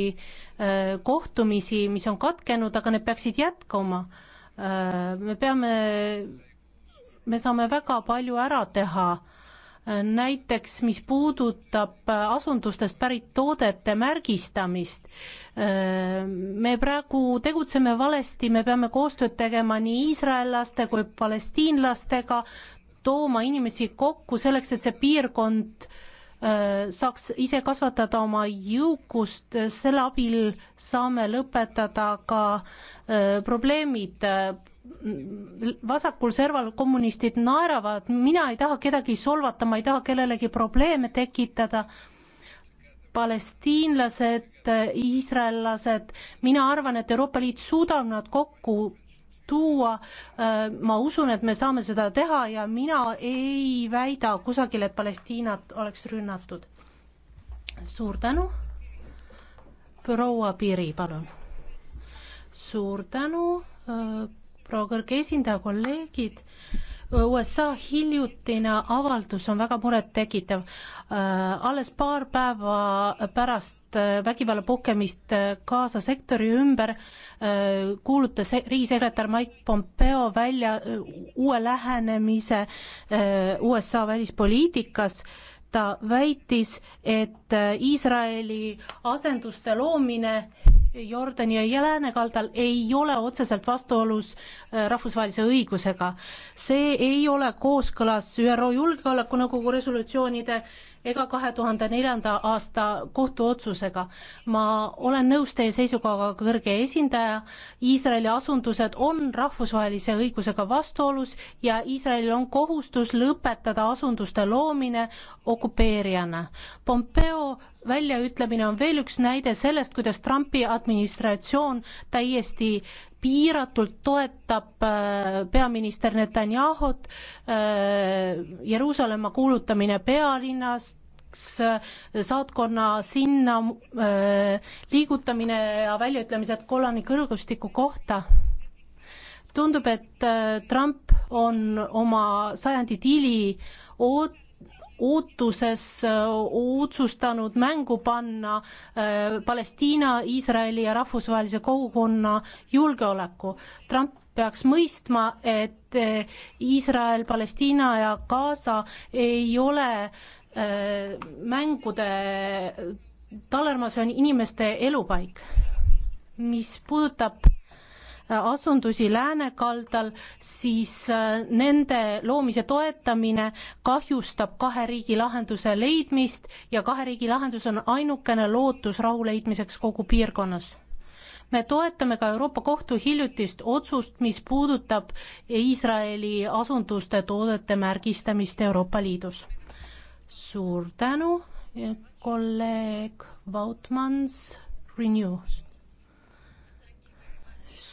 eh, kohtumisi, mis on katkenud, aga need peaksid jätkuma. me peame, me saame väga palju ära teha, näiteks mis puudutab asundustest pärit toodete märgistamist. me praegu tegutseme valesti, me peame koostööd tegema nii iisraellaste kui palestiinlastega, tooma inimesi kokku selleks, et see piirkond äh, saaks ise kasvatada oma jõukust, selle abil saame lõpetada ka äh, probleemid. vasakul serval kommunistid naeravad, mina ei taha kedagi solvata, ma ei taha kellelegi probleeme tekitada. palestiinlased, äh, iisraellased, mina arvan, et Euroopa Liit suudab nad kokku tuua. Äh, ma usun, et me saame seda teha ja mina ei väida kusagil, et Palestiinat oleks rünnatud. suur tänu. proua Piri, palun. suur tänu, äh, proua kõrge esindaja, kolleegid USA hiljutine avaldus on väga murettekitav. Äh, alles paar päeva pärast äh, vägivalla puhkemist äh, Gaza sektori ümber kuulutas riigisekretär Mike Pompeo välja uue lähenemise USA välispoliitikas ta väitis, et Iisraeli asenduste loomine Jordani ja Lääne kaldal ei ole otseselt vastuolus äh, rahvusvahelise õigusega. see ei ole kooskõlas ÜRO Julgeolekunõukogu resolutsioonide ega kahe tuhande neljanda aasta kohtuotsusega. ma olen nõus teie seisukohaga, kõrge esindaja, Iisraeli asundused on rahvusvahelise õigusega vastuolus ja Iisraelil on kohustus lõpetada asunduste loomine okupeerijana. Pompeo väljaütlemine on veel üks näide sellest, kuidas Trumpi administratsioon täiesti piiratult toetab äh, peaminister Netanyahut, äh, Jeruusalemma kuulutamine pealinnast, äh, saatkonna sinna liigutamine ja väljaütlemised Golani kõrgustiku kohta. tundub, et Trump on oma sajandi diili oot-, ootuses äh, otsustanud mängu panna äh, Palestiina, Iisraeli ja rahvusvahelise kogukonna julgeoleku. Trump peaks mõistma, et äh, Iisrael, Palestiina ja Gaza ei ole mängude talerma, see on inimeste elupaik. mis puudutab asundusi läänekaldal, siis äh, nende loomise toetamine kahjustab kahe riigi lahenduse leidmist ja kahe riigi lahendus on ainukene lootus rahu leidmiseks kogu piirkonnas me toetame ka Euroopa Kohtu hiljutist otsust, mis puudutab Iisraeli asunduste toodete märgistamist Euroopa Liidus. suur tänu, kolleeg Vautmans, Renew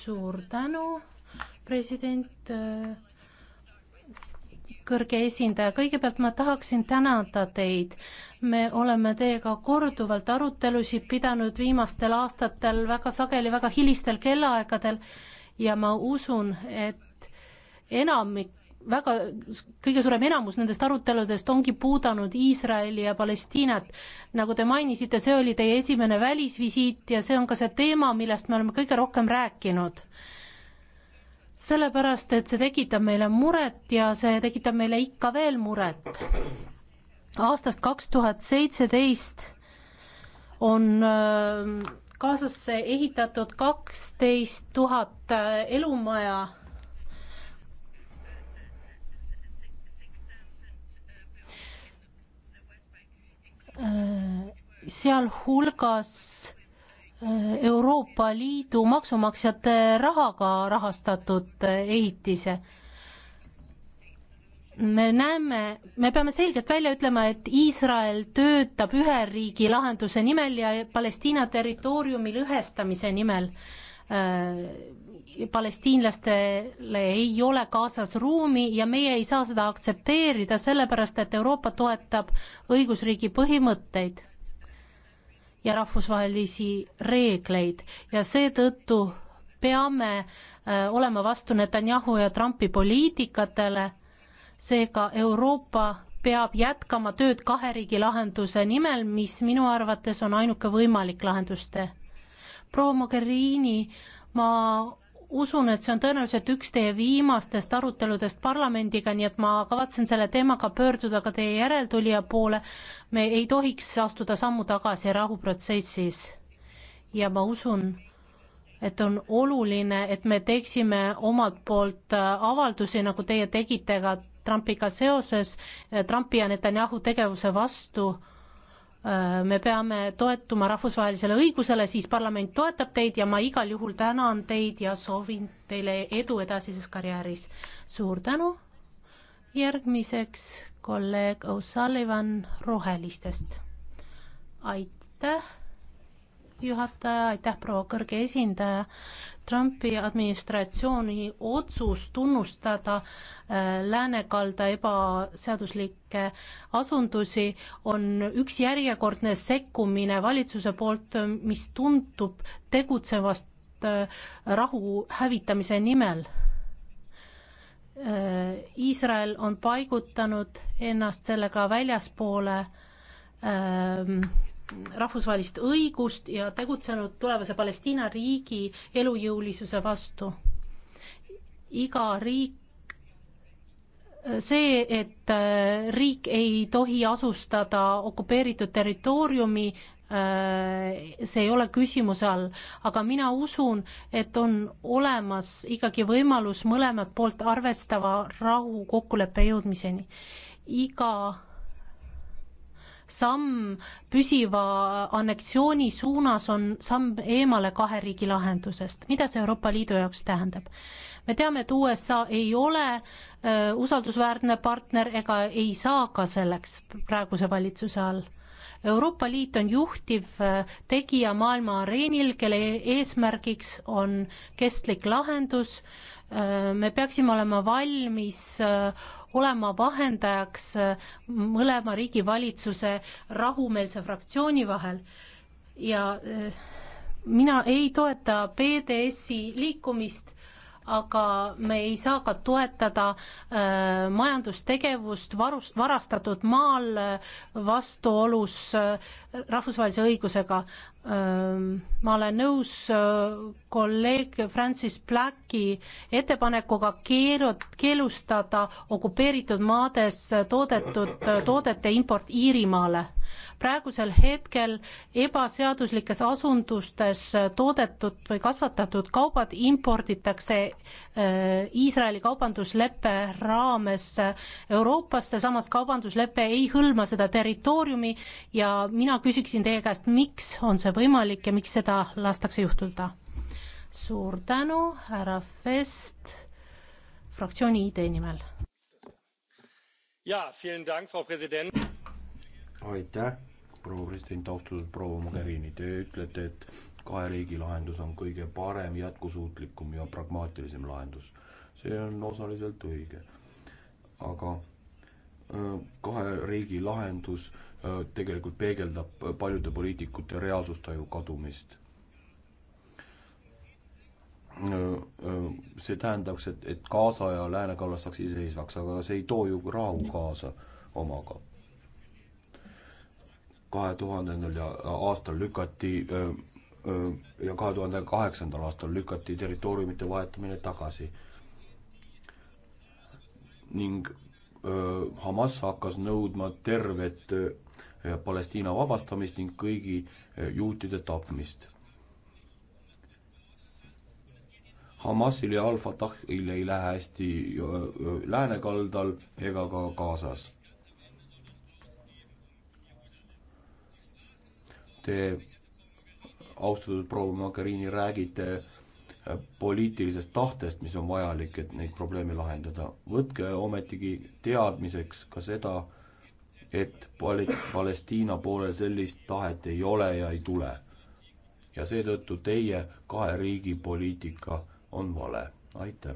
suur tänu, president, kõrge esindaja, kõigepealt ma tahaksin tänada teid. me oleme teiega korduvalt arutelusid pidanud viimastel aastatel väga sageli väga hilistel kellaaegadel ja ma usun, et enamik väga, kõige suurem enamus nendest aruteludest ongi puudanud Iisraeli ja Palestiinat. nagu te mainisite, see oli teie esimene välisvisiit ja see on ka see teema, millest me oleme kõige rohkem rääkinud. sellepärast, et see tekitab meile muret ja see tekitab meile ikka veel muret. aastast kaks tuhat seitseteist on äh, Gazasse ehitatud kaksteist tuhat äh, elumaja Äh, sealhulgas äh, Euroopa Liidu maksumaksjate rahaga rahastatud äh, ehitise. me näeme, me peame selgelt välja ütlema, et Iisrael töötab ühe riigi lahenduse nimel ja Palestiina territooriumi lõhestamise nimel palestiinlastele ei ole kaasas ruumi ja meie ei saa seda aktsepteerida, sellepärast et Euroopa toetab õigusriigi põhimõtteid ja rahvusvahelisi reegleid ja seetõttu peame äh, olema vastu Netanyahu ja Trumpi poliitikatele, seega Euroopa peab jätkama tööd kahe riigi lahenduse nimel, mis minu arvates on ainuke võimalik lahenduste. proua Mogherini, ma usun, et see on tõenäoliselt üks teie viimastest aruteludest parlamendiga, nii et ma kavatsen selle teemaga pöörduda ka teie järeltulija poole. me ei tohiks astuda sammu tagasi rahuprotsessis. ja ma usun, et on oluline, et me teeksime omalt poolt äh, avaldusi, nagu teie tegite ka Trumpiga seoses, äh, Trumpi ja Netanyahu tegevuse vastu Äh, me peame toetuma rahvusvahelisele õigusele, siis parlament toetab teid ja ma igal juhul tänan teid ja soovin teile edu edasises karjääris. suur tänu, järgmiseks kolleeg O'Sullivan Rohelistest. aitäh juhataja, aitäh, proua kõrge esindaja. Trumpi administratsiooni otsus tunnustada äh, läänekalda ebaseaduslikke asundusi on üks järjekordne sekkumine valitsuse poolt, mis tuntub tegutsevast äh, rahu hävitamise nimel. Äh, Iisrael on paigutanud ennast sellega väljaspoole ähm, rahvusvahelist õigust ja tegutsenud tulevase Palestiina riigi elujõulisuse vastu. iga riik, see, et äh, riik ei tohi asustada okupeeritud territooriumi, äh, see ei ole küsimuse all, aga mina usun, et on olemas ikkagi võimalus mõlemat poolt arvestava rahukokkuleppe jõudmiseni. iga samm püsiva anneksiooni suunas on samm eemale kahe riigi lahendusest. mida see Euroopa Liidu jaoks tähendab? me teame, et USA ei ole öö, äh, usaldusväärne partner ega ei saa ka selleks praeguse valitsuse all. Euroopa Liit on juhtiv äh, tegija maailma areenil, kelle eesmärgiks on kestlik lahendus Äh, me peaksime olema valmis äh, olema vahendajaks äh, mõlema riigi valitsuse rahumeelse fraktsiooni vahel ja mina ei toeta BDS-i liikumist, aga me ei saa ka toetada majandustegevust varus, varastatud maal vastuolus rahvusvahelise õigusega ma olen nõus kolleeg Francis Blacki ettepanekuga keerut-, keelustada okupeeritud maades toodetud toodete import Iirimaale. praegusel hetkel ebaseaduslikes asundustes toodetud või kasvatatud kaubad imporditakse Iisraeli kaubandusleppe raames Euroopasse, samas kaubanduslepe ei hõlma seda territooriumi ja mina küsiksin teie käest, miks on see see võimalik ja miks seda lastakse juhtuda. suur tänu, härra Fest, fraktsiooni ID nimel. aitäh, proua president, austatud proua Mogherini, te ütlete, et kahe riigi lahendus on kõige parem, jätkusuutlikum ja pragmaatilisem lahendus. see on osaliselt õige. aga äh, kahe riigi lahendus äh, Äh, tegelikult peegeldab äh, paljude poliitikute reaalsustaju kadumist. Äh, see tähendaks, et, et Gaza ja Lääne-Kallas saaks iseseisvaks, aga see ei too ju rahu kaasa omaga. kahe tuhandendal aastal lükati ja kahe tuhande kaheksandal aastal lükati territooriumite vahetamine tagasi. ning Hamas hakkas nõudma tervet Eh, Palestiina vabastamist ning kõigi eh, juutide tapmist. Hamasil ja Al-Fatahil ei lähe hästi eh, läänekaldal ega ka Gazas. Te, austatud proua Mogherini, räägite poliitilisest tahtest, mis on vajalik, et neid probleeme lahendada. võtke ometigi teadmiseks ka seda, et Pal-, Palestiina poolel sellist tahet ei ole ja ei tule. ja seetõttu teie kahe riigi poliitika on vale. aitäh.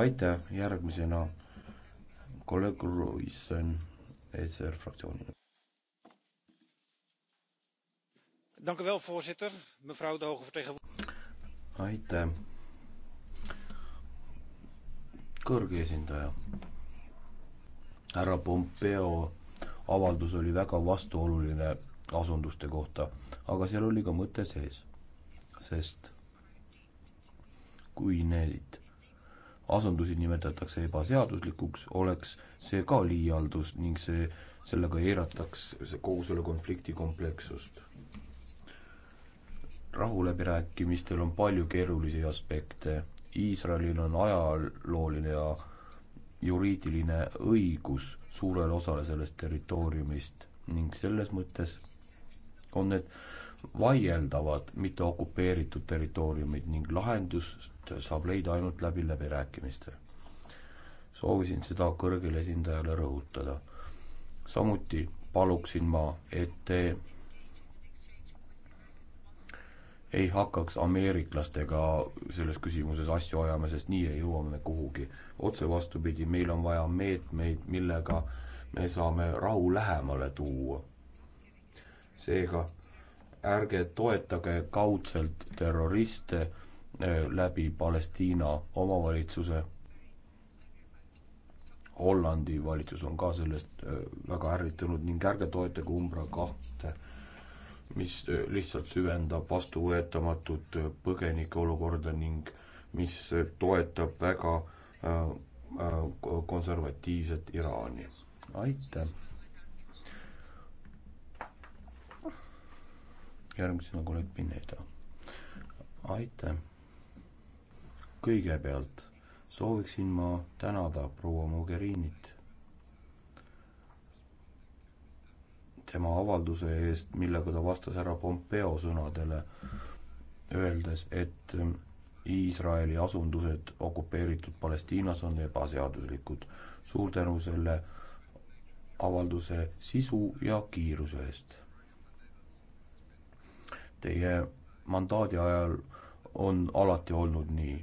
aitäh, järgmisena kolleeg Ruissen ECR fraktsiooni nimel. aitäh kõrge esindaja. härra Pompeo avaldus oli väga vastuoluline asunduste kohta, aga seal oli ka mõte sees, sest kui neid asundusi nimetatakse ebaseaduslikuks, oleks see ka liialdus ning see, sellega eirataks see kogu selle konflikti komplekssust. rahuläbirääkimistel on palju keerulisi aspekte Iisraelil on ajalooline ja juriidiline õigus suurele osale sellest territooriumist ning selles mõttes on need vaieldavad mitte okupeeritud territooriumid ning lahendust saab leida ainult läbi läbirääkimiste. soovisin seda kõrgele esindajale rõhutada. samuti paluksin ma, et te ei hakkaks ameeriklastega selles küsimuses asju ajama, sest nii ei jõua me kuhugi. otse vastupidi, meil on vaja meetmeid, millega me saame rahu lähemale tuua. seega ärge toetage kaudselt terroriste eh, läbi Palestiina omavalitsuse. Hollandi valitsus on ka sellest eh, väga ärritunud ning ärge toetage Umbra kahte mis äh, lihtsalt süvendab vastuvõetamatut äh, põgenike olukorda ning mis äh, toetab väga konservatiivset Iraani. aitäh. järgmisena kolleeg Pineda. aitäh. kõigepealt sooviksin ma tänada proua Mogherinit tema avalduse eest, millega ta vastas härra Pompeo sõnadele, öeldes, et ehm, Iisraeli asundused okupeeritud Palestiinas on ebaseaduslikud. suur tänu selle avalduse sisu ja kiiruse eest. Teie mandaadi ajal on alati olnud nii,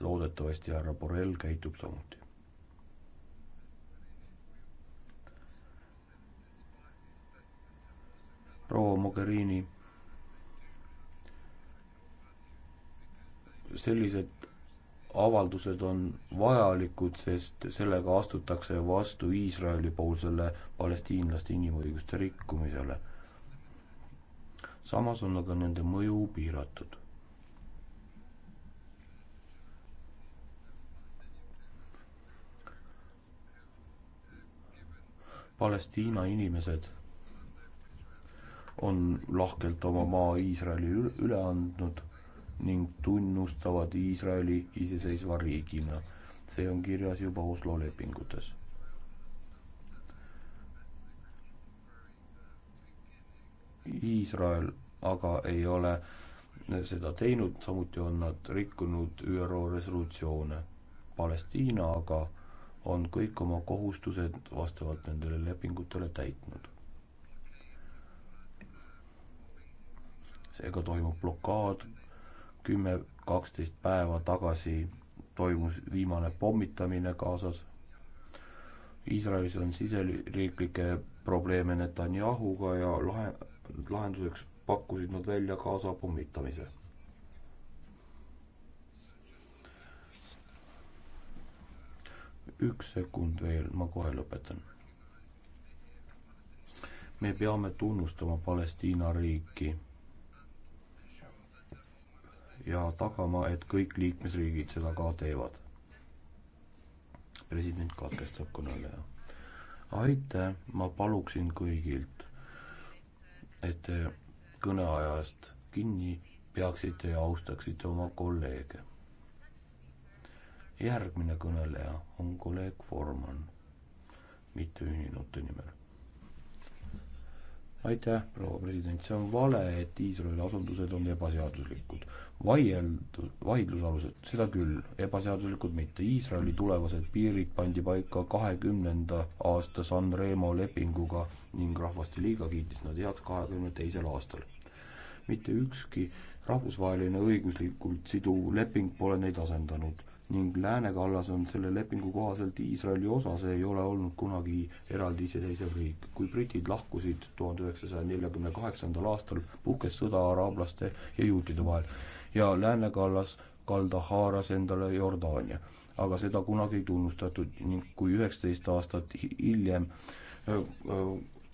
loodetavasti härra Borrell käitub samuti. proua Mogherini, sellised avaldused on vajalikud, sest sellega astutakse vastu Iisraeli poolsele palestiinlaste inimõiguste rikkumisele. samas on aga nende mõju piiratud. Palestiina inimesed on lahkelt oma maa Iisraelile üle andnud ning tunnustavad Iisraeli iseseisva riigina. see on kirjas juba Oslo lepingutes. Iisrael aga ei ole seda teinud, samuti on nad rikkunud ÜRO resolutsioone. Palestiina aga on kõik oma kohustused vastavalt nendele lepingutele täitnud seega toimub blokaad, kümme, kaksteist päeva tagasi toimus viimane pommitamine Gazas. Iisraelis on siseriiklikke probleeme Netanyahuga ja lahe, lahenduseks pakkusid nad välja Gaza pommitamise. üks sekund veel, ma kohe lõpetan. me peame tunnustama Palestiina riiki ja tagama, et kõik liikmesriigid seda ka teevad. president katkestab kõneleja. aitäh, ma paluksin kõigilt, et te kõneajast kinni peaksite ja austaksite oma kolleege. järgmine kõneleja on kolleeg Forman, mitteühinenute nimel aitäh, proua president, see on vale, et Iisraeli asundused on ebaseaduslikud. vaieldu-, vaidlusalused, seda küll, ebaseaduslikud mitte. Iisraeli tulevased piirid pandi paika kahekümnenda aasta San Remo lepinguga ning Rahvaste Liiga kiitis nad heaks kahekümne teisel aastal. mitte ükski rahvusvaheline õiguslikult siduv leping pole neid asendanud ning läänekallas on selle lepingu kohaselt Iisraeli osa, see ei ole olnud kunagi eraldi iseseisev riik. kui britid lahkusid tuhande üheksasaja neljakümne kaheksandal aastal, puhkes sõda araablaste ja juutide vahel ja läänekallas kalda haaras endale Jordaania. aga seda kunagi ei tunnustatud ning kui üheksateist aastat hiljem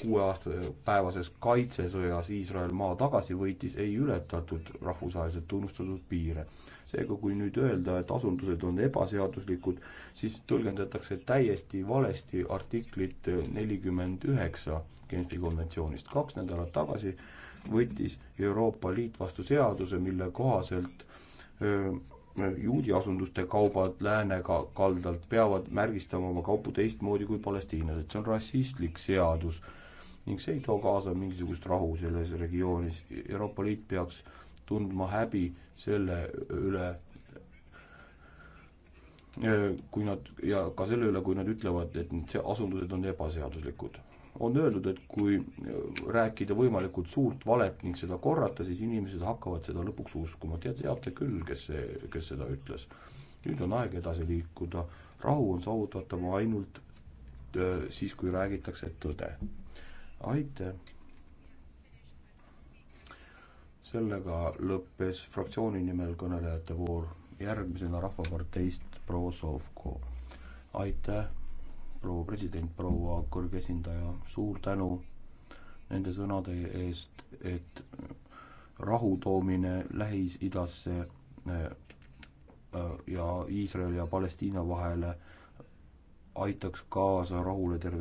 kuueaastapäevases kaitsesõjas Iisrael maa tagasi võitis, ei ületatud rahvusvaheliselt tunnustatud piire seega, kui nüüd öelda, et asundused on ebaseaduslikud, siis tõlgendatakse täiesti valesti artiklit nelikümmend üheksa Genfi konventsioonist. kaks nädalat tagasi võttis Euroopa Liit vastu seaduse, mille kohaselt öö, juudi asunduste kaubad läänega kaldalt peavad märgistama oma kaupu teistmoodi kui palestiinlased, see on rassistlik seadus ning see ei too kaasa mingisugust rahu selles regioonis. Euroopa Liit peaks äh, tundma häbi selle üle, kui nad ja ka selle üle, kui nad ütlevad, et need asundused on ebaseaduslikud. on öeldud, et kui rääkida võimalikult suurt valet ning seda korrata, siis inimesed hakkavad seda lõpuks uskuma. Te teate küll, kes see, kes seda ütles. nüüd on aeg edasi liikuda. rahu on saavutatav ainult äh, siis, kui räägitakse tõde. aitäh! sellega lõppes fraktsiooni nimel kõnelejate voor, järgmisena Rahvaparteist proua Sovko. aitäh, proua president, proua kõrge esindaja, suur tänu nende sõnade eest, et rahu toomine Lähis-Idasse äh, ja Iisraeli ja Palestiina vahele aitaks kaasa rahule terves